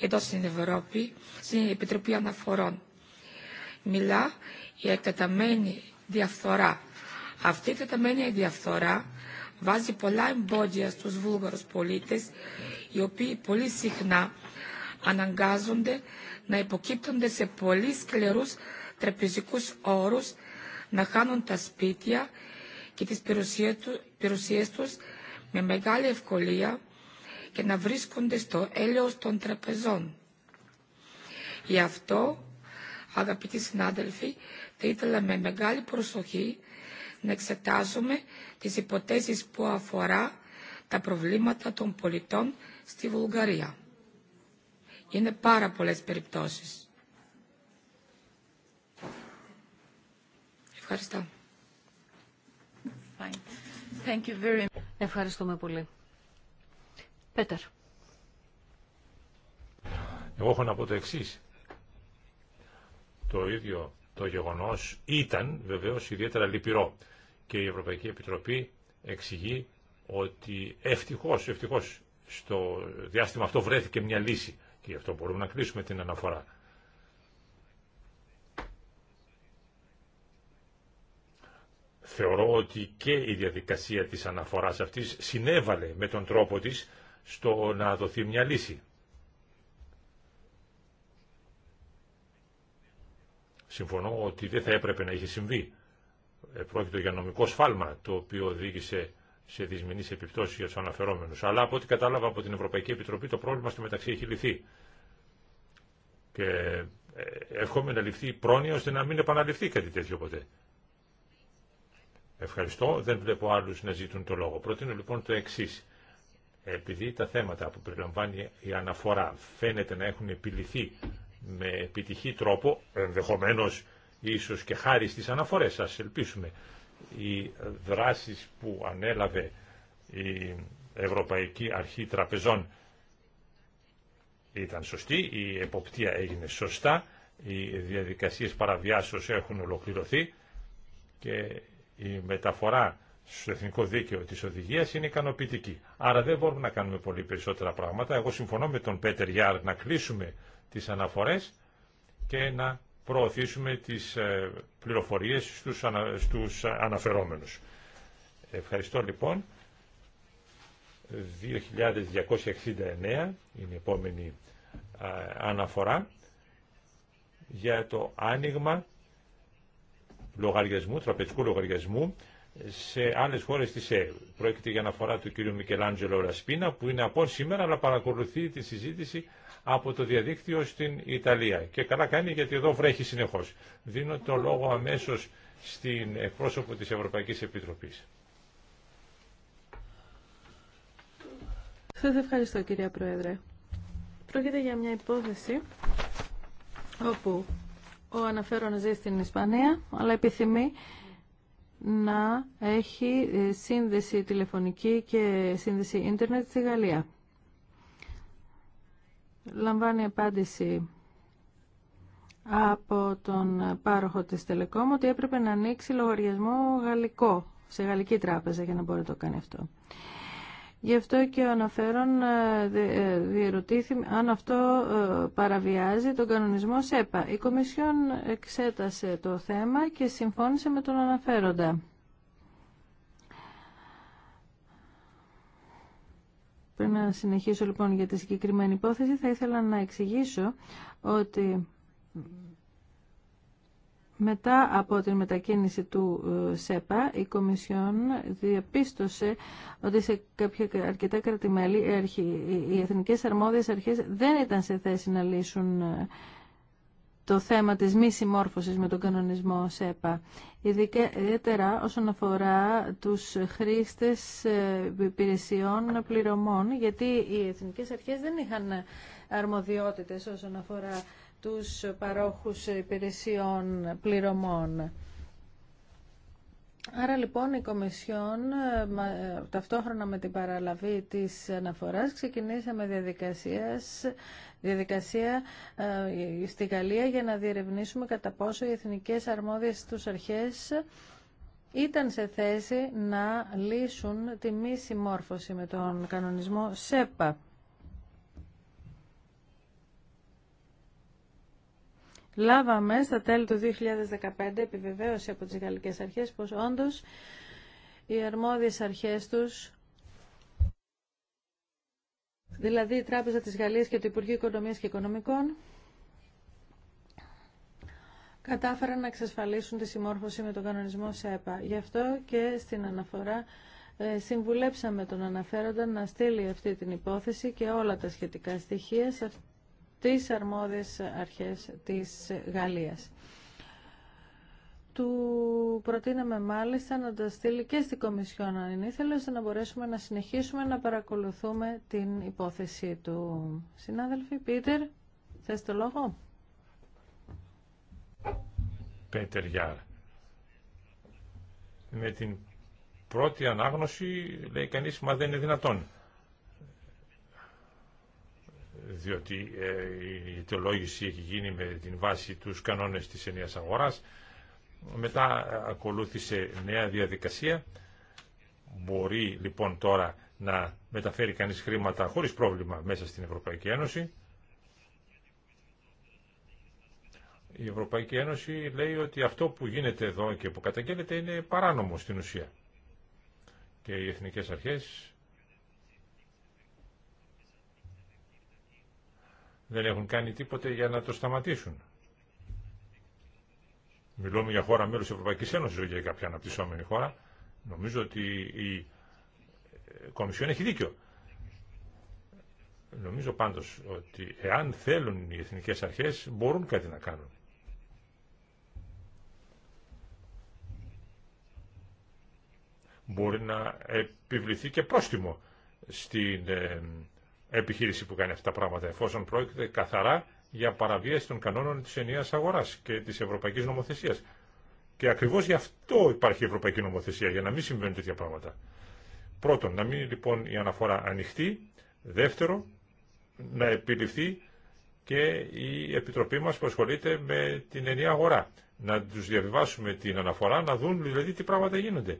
D: εδώ στην Ευρώπη, στην Επιτροπή Αναφορών. Μιλά η εκτεταμένη διαφθορά. Αυτή η εκτεταμένη διαφθορά βάζει πολλά εμπόδια στους βούλγαρους πολίτες, οι οποίοι πολύ συχνά αναγκάζονται να υποκύπτονται σε πολύ σκληρούς τραπεζικούς όρους, να χάνουν τα σπίτια και τις περιουσίες τους με μεγάλη ευκολία και να βρίσκονται στο έλεος των τραπεζών. Γι' αυτό, αγαπητοί συνάδελφοι, θα ήθελα με μεγάλη προσοχή να εξετάσουμε τις υποτέσεις που αφορά τα προβλήματα των πολιτών στη Βουλγαρία. Είναι πάρα πολλές περιπτώσεις.
E: Ευχαριστώ. Ευχαριστούμε πολύ. Πέτερ.
B: Εγώ έχω να πω το εξή. Το ίδιο το γεγονός ήταν βεβαίως ιδιαίτερα λυπηρό και η Ευρωπαϊκή Επιτροπή εξηγεί ότι ευτυχώ, ευτυχώς στο διάστημα αυτό βρέθηκε μια λύση και γι' αυτό μπορούμε να κλείσουμε την αναφορά. Θεωρώ ότι και η διαδικασία της αναφοράς αυτής συνέβαλε με τον τρόπο της στο να δοθεί μια λύση. Συμφωνώ ότι δεν θα έπρεπε να είχε συμβεί. Πρόκειται για νομικό σφάλμα το οποίο οδήγησε σε δυσμενεί επιπτώσει για του αναφερόμενου. Αλλά από ό,τι κατάλαβα από την Ευρωπαϊκή Επιτροπή το πρόβλημα στο μεταξύ έχει λυθεί. Και ε, εύχομαι να ληφθεί πρόνοια ώστε να μην επαναληφθεί κάτι τέτοιο ποτέ. Ευχαριστώ. Δεν βλέπω άλλου να ζητούν το λόγο. Προτείνω λοιπόν το εξή. Επειδή τα θέματα που περιλαμβάνει η αναφορά φαίνεται να έχουν επιληθεί με επιτυχή τρόπο, ενδεχομένως ίσως και χάρη στις αναφορές σας, ελπίσουμε, οι δράσεις που ανέλαβε η Ευρωπαϊκή Αρχή Τραπεζών ήταν σωστή, η εποπτεία έγινε σωστά, οι διαδικασίες παραβιάσεως έχουν ολοκληρωθεί και η μεταφορά στο εθνικό δίκαιο τη οδηγία είναι ικανοποιητική. Άρα δεν μπορούμε να κάνουμε πολύ περισσότερα πράγματα. Εγώ συμφωνώ με τον Πέτερ Γιάρ να κλείσουμε τις αναφορές και να προωθήσουμε τις ε, πληροφορίες στου αναφερόμένου. αναφερόμενους. Ευχαριστώ λοιπόν. 2269 είναι η επόμενη ε, αναφορά για το άνοιγμα λογαριασμού, τραπεζικού λογαριασμού σε άλλες χώρες της ΕΕ. Πρόκειται για αναφορά του κ. Μικελάντζελο Ρασπίνα που είναι από σήμερα αλλά παρακολουθεί τη συζήτηση από το διαδίκτυο στην Ιταλία. Και καλά κάνει γιατί εδώ βρέχει συνεχώς. Δίνω το λόγο αμέσως στην εκπρόσωπο της Ευρωπαϊκής Επιτροπής.
A: Σας ευχαριστώ κυρία Πρόεδρε. Πρόκειται για μια υπόθεση όπου ο αναφέρον ζει στην Ισπανία αλλά επιθυμεί να έχει ε, σύνδεση τηλεφωνική και σύνδεση ίντερνετ στη Γαλλία. Λαμβάνει απάντηση από τον πάροχο της Τελεκόμ ότι έπρεπε να ανοίξει λογαριασμό γαλλικό, σε γαλλική τράπεζα για να μπορεί να το κάνει αυτό. Γι' αυτό και ο αναφέρον ε, ε, διερωτήθη αν αυτό ε, παραβιάζει τον κανονισμό ΣΕΠΑ. Η Κομισιόν εξέτασε το θέμα και συμφώνησε με τον αναφέροντα. Πριν να συνεχίσω λοιπόν για τη συγκεκριμένη υπόθεση, θα ήθελα να εξηγήσω ότι μετά από την μετακίνηση του ε, ΣΕΠΑ, η Κομισιόν διαπίστωσε ότι σε κάποια αρκετά κρατημέλη οι εθνικές αρμόδιες αρχές δεν ήταν σε θέση να λύσουν ε, το θέμα της μη συμμόρφωσης με τον κανονισμό ΣΕΠΑ. Ιδιαίτερα όσον αφορά τους χρήστες ε, υπηρεσιών πληρωμών, γιατί οι εθνικές αρχές δεν είχαν αρμοδιότητες όσον αφορά τους παρόχους υπηρεσιών πληρωμών. Άρα λοιπόν η Κομισιόν ε, ε, ταυτόχρονα με την παραλαβή της αναφοράς ξεκινήσαμε διαδικασίας, διαδικασία ε, στη Γαλλία για να διερευνήσουμε κατά πόσο οι εθνικές αρμόδιες τους αρχές ήταν σε θέση να λύσουν τη μη συμμόρφωση με τον κανονισμό ΣΕΠΑ. Λάβαμε στα τέλη του 2015 επιβεβαίωση από τις γαλλικές αρχές πως όντως οι αρμόδιες αρχές τους δηλαδή η Τράπεζα της Γαλλίας και το Υπουργείο Οικονομίας και Οικονομικών, κατάφεραν να εξασφαλίσουν τη συμμόρφωση με τον κανονισμό ΣΕΠΑ. Γι' αυτό και στην αναφορά ε, συμβουλέψαμε τον αναφέροντα να στείλει αυτή την υπόθεση και όλα τα σχετικά στοιχεία σε τις αρμόδιες αρχές της Γαλλίας. Του προτείναμε μάλιστα να τα στείλει και στην Κομισιόν αν ήθελε, ώστε να μπορέσουμε να συνεχίσουμε να παρακολουθούμε την υπόθεση του. Συνάδελφοι, Πίτερ, θες το λόγο?
B: Πέτερ Γιάρ. Με την πρώτη ανάγνωση λέει κανείς, μα δεν είναι δυνατόν διότι ε, η ιδεολόγηση έχει γίνει με την βάση τους κανόνες της ενιαίας αγοράς. Μετά ε, ακολούθησε νέα διαδικασία. Μπορεί λοιπόν τώρα να μεταφέρει κανείς χρήματα χωρίς πρόβλημα μέσα στην Ευρωπαϊκή Ένωση. Η Ευρωπαϊκή Ένωση λέει ότι αυτό που γίνεται εδώ και που καταγγέλλεται είναι παράνομο στην ουσία. Και οι εθνικές αρχές δεν έχουν κάνει τίποτε για να το σταματήσουν. Μιλούμε για χώρα μέλος της Ευρωπαϊκής Ένωσης, για κάποια αναπτυσσόμενη χώρα. Νομίζω ότι η ε, Κομισιόν έχει δίκιο. Νομίζω πάντως ότι εάν θέλουν οι εθνικές αρχές μπορούν κάτι να κάνουν. Μπορεί να επιβληθεί και πρόστιμο στην ε, επιχείρηση που κάνει αυτά τα πράγματα, εφόσον πρόκειται καθαρά για παραβίαση των κανόνων της ενιαίας αγοράς και της ευρωπαϊκής νομοθεσίας. Και ακριβώς γι' αυτό υπάρχει η ευρωπαϊκή νομοθεσία, για να μην συμβαίνουν τέτοια πράγματα. Πρώτον, να μην λοιπόν η αναφορά ανοιχτή. Δεύτερο, να επιληφθεί και η Επιτροπή μας που ασχολείται με την ενιαία αγορά. Να τους διαβιβάσουμε την αναφορά, να δουν δηλαδή τι πράγματα γίνονται.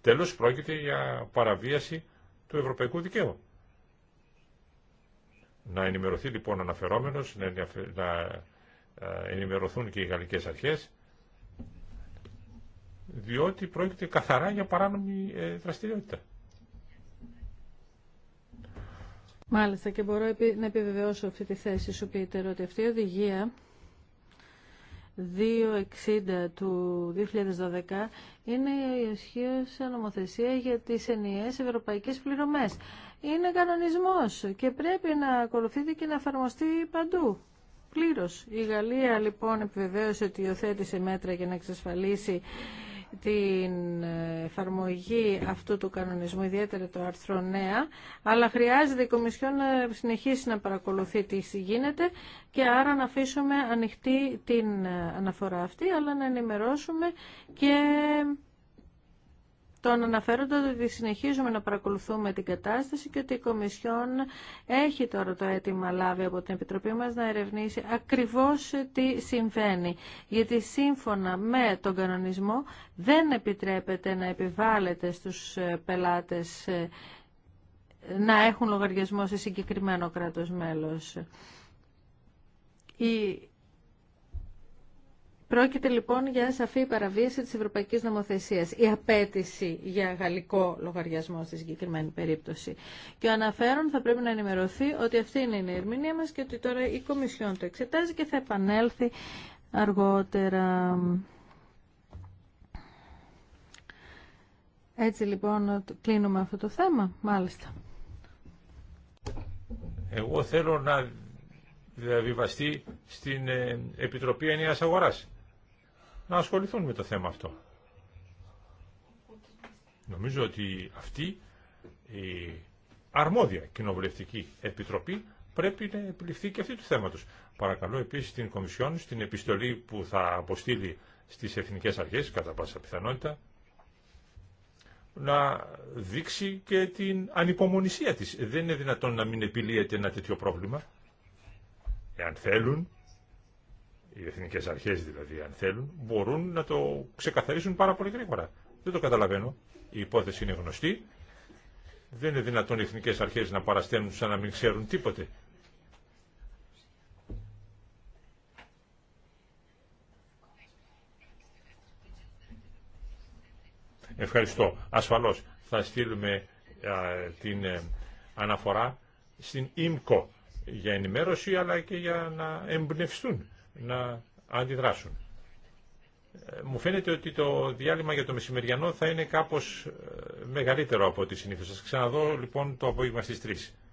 B: Τέλος, πρόκειται για παραβίαση του ευρωπαϊκού δικαίου. Να ενημερωθεί λοιπόν αναφερόμενος, να ε, ενημερωθούν και οι γαλλικές αρχές, διότι πρόκειται καθαρά για παράνομη ε, δραστηριότητα.
A: Μάλιστα και μπορώ να επιβεβαιώσω αυτή τη θέση σου, Πίτερ, ότι αυτή η οδηγία 260 του 2012 είναι η ισχύουσα νομοθεσία για τις ενιαίες ευρωπαϊκές πληρωμές. Είναι κανονισμός και πρέπει να ακολουθείται και να εφαρμοστεί παντού. Πλήρως. Η Γαλλία λοιπόν επιβεβαίωσε ότι υιοθέτησε μέτρα για να εξασφαλίσει την εφαρμογή αυτού του κανονισμού, ιδιαίτερα το άρθρο 9, αλλά χρειάζεται η Κομισιόν να συνεχίσει να παρακολουθεί τι γίνεται και άρα να αφήσουμε ανοιχτή την αναφορά αυτή, αλλά να ενημερώσουμε και τον αναφέροντα ότι συνεχίζουμε να παρακολουθούμε την κατάσταση και ότι η Κομισιόν έχει τώρα το αίτημα λάβει από την Επιτροπή μας να ερευνήσει ακριβώς τι συμβαίνει. Γιατί σύμφωνα με τον κανονισμό δεν επιτρέπεται να επιβάλλεται στους πελάτες ε, να έχουν λογαριασμό σε συγκεκριμένο κράτος μέλος. Η Πρόκειται λοιπόν για σαφή παραβίαση της ευρωπαϊκής νομοθεσίας, η απέτηση για γαλλικό λογαριασμό στη συγκεκριμένη περίπτωση. Και ο αναφέρον θα πρέπει να ενημερωθεί ότι αυτή είναι η ερμηνεία μας και ότι τώρα η Κομισιόν το εξετάζει και θα επανέλθει αργότερα. Έτσι λοιπόν κλείνουμε αυτό το θέμα, μάλιστα.
B: Εγώ θέλω να διαβιβαστεί στην ε, Επιτροπή Ενίας Αγοράς να ασχοληθούν με το θέμα αυτό. Νομίζω ότι αυτή η αρμόδια κοινοβουλευτική επιτροπή πρέπει να επιληφθεί και αυτή του θέματος. Παρακαλώ επίσης την Κομισιόν στην επιστολή που θα αποστείλει στις εθνικές αρχές, κατά πάσα πιθανότητα, να δείξει και την ανυπομονησία της. Δεν είναι δυνατόν να μην επιλύεται ένα τέτοιο πρόβλημα. Εάν θέλουν οι εθνικές αρχές δηλαδή αν θέλουν, μπορούν να το ξεκαθαρίσουν πάρα πολύ γρήγορα. Δεν το καταλαβαίνω. Η υπόθεση είναι γνωστή. Δεν είναι δυνατόν οι εθνικές αρχές να παρασταίνουν σαν να μην ξέρουν τίποτε. Ευχαριστώ. Ασφαλώς θα στείλουμε την ε, αναφορά στην ΙΜΚΟ για ενημέρωση αλλά και για να εμπνευστούν να αντιδράσουν. Ε, μου φαίνεται ότι το διάλειμμα για το μεσημεριανό θα είναι κάπως ε, μεγαλύτερο από ό,τι συνήθως. Σας ξαναδώ λοιπόν το απόγευμα στις 3.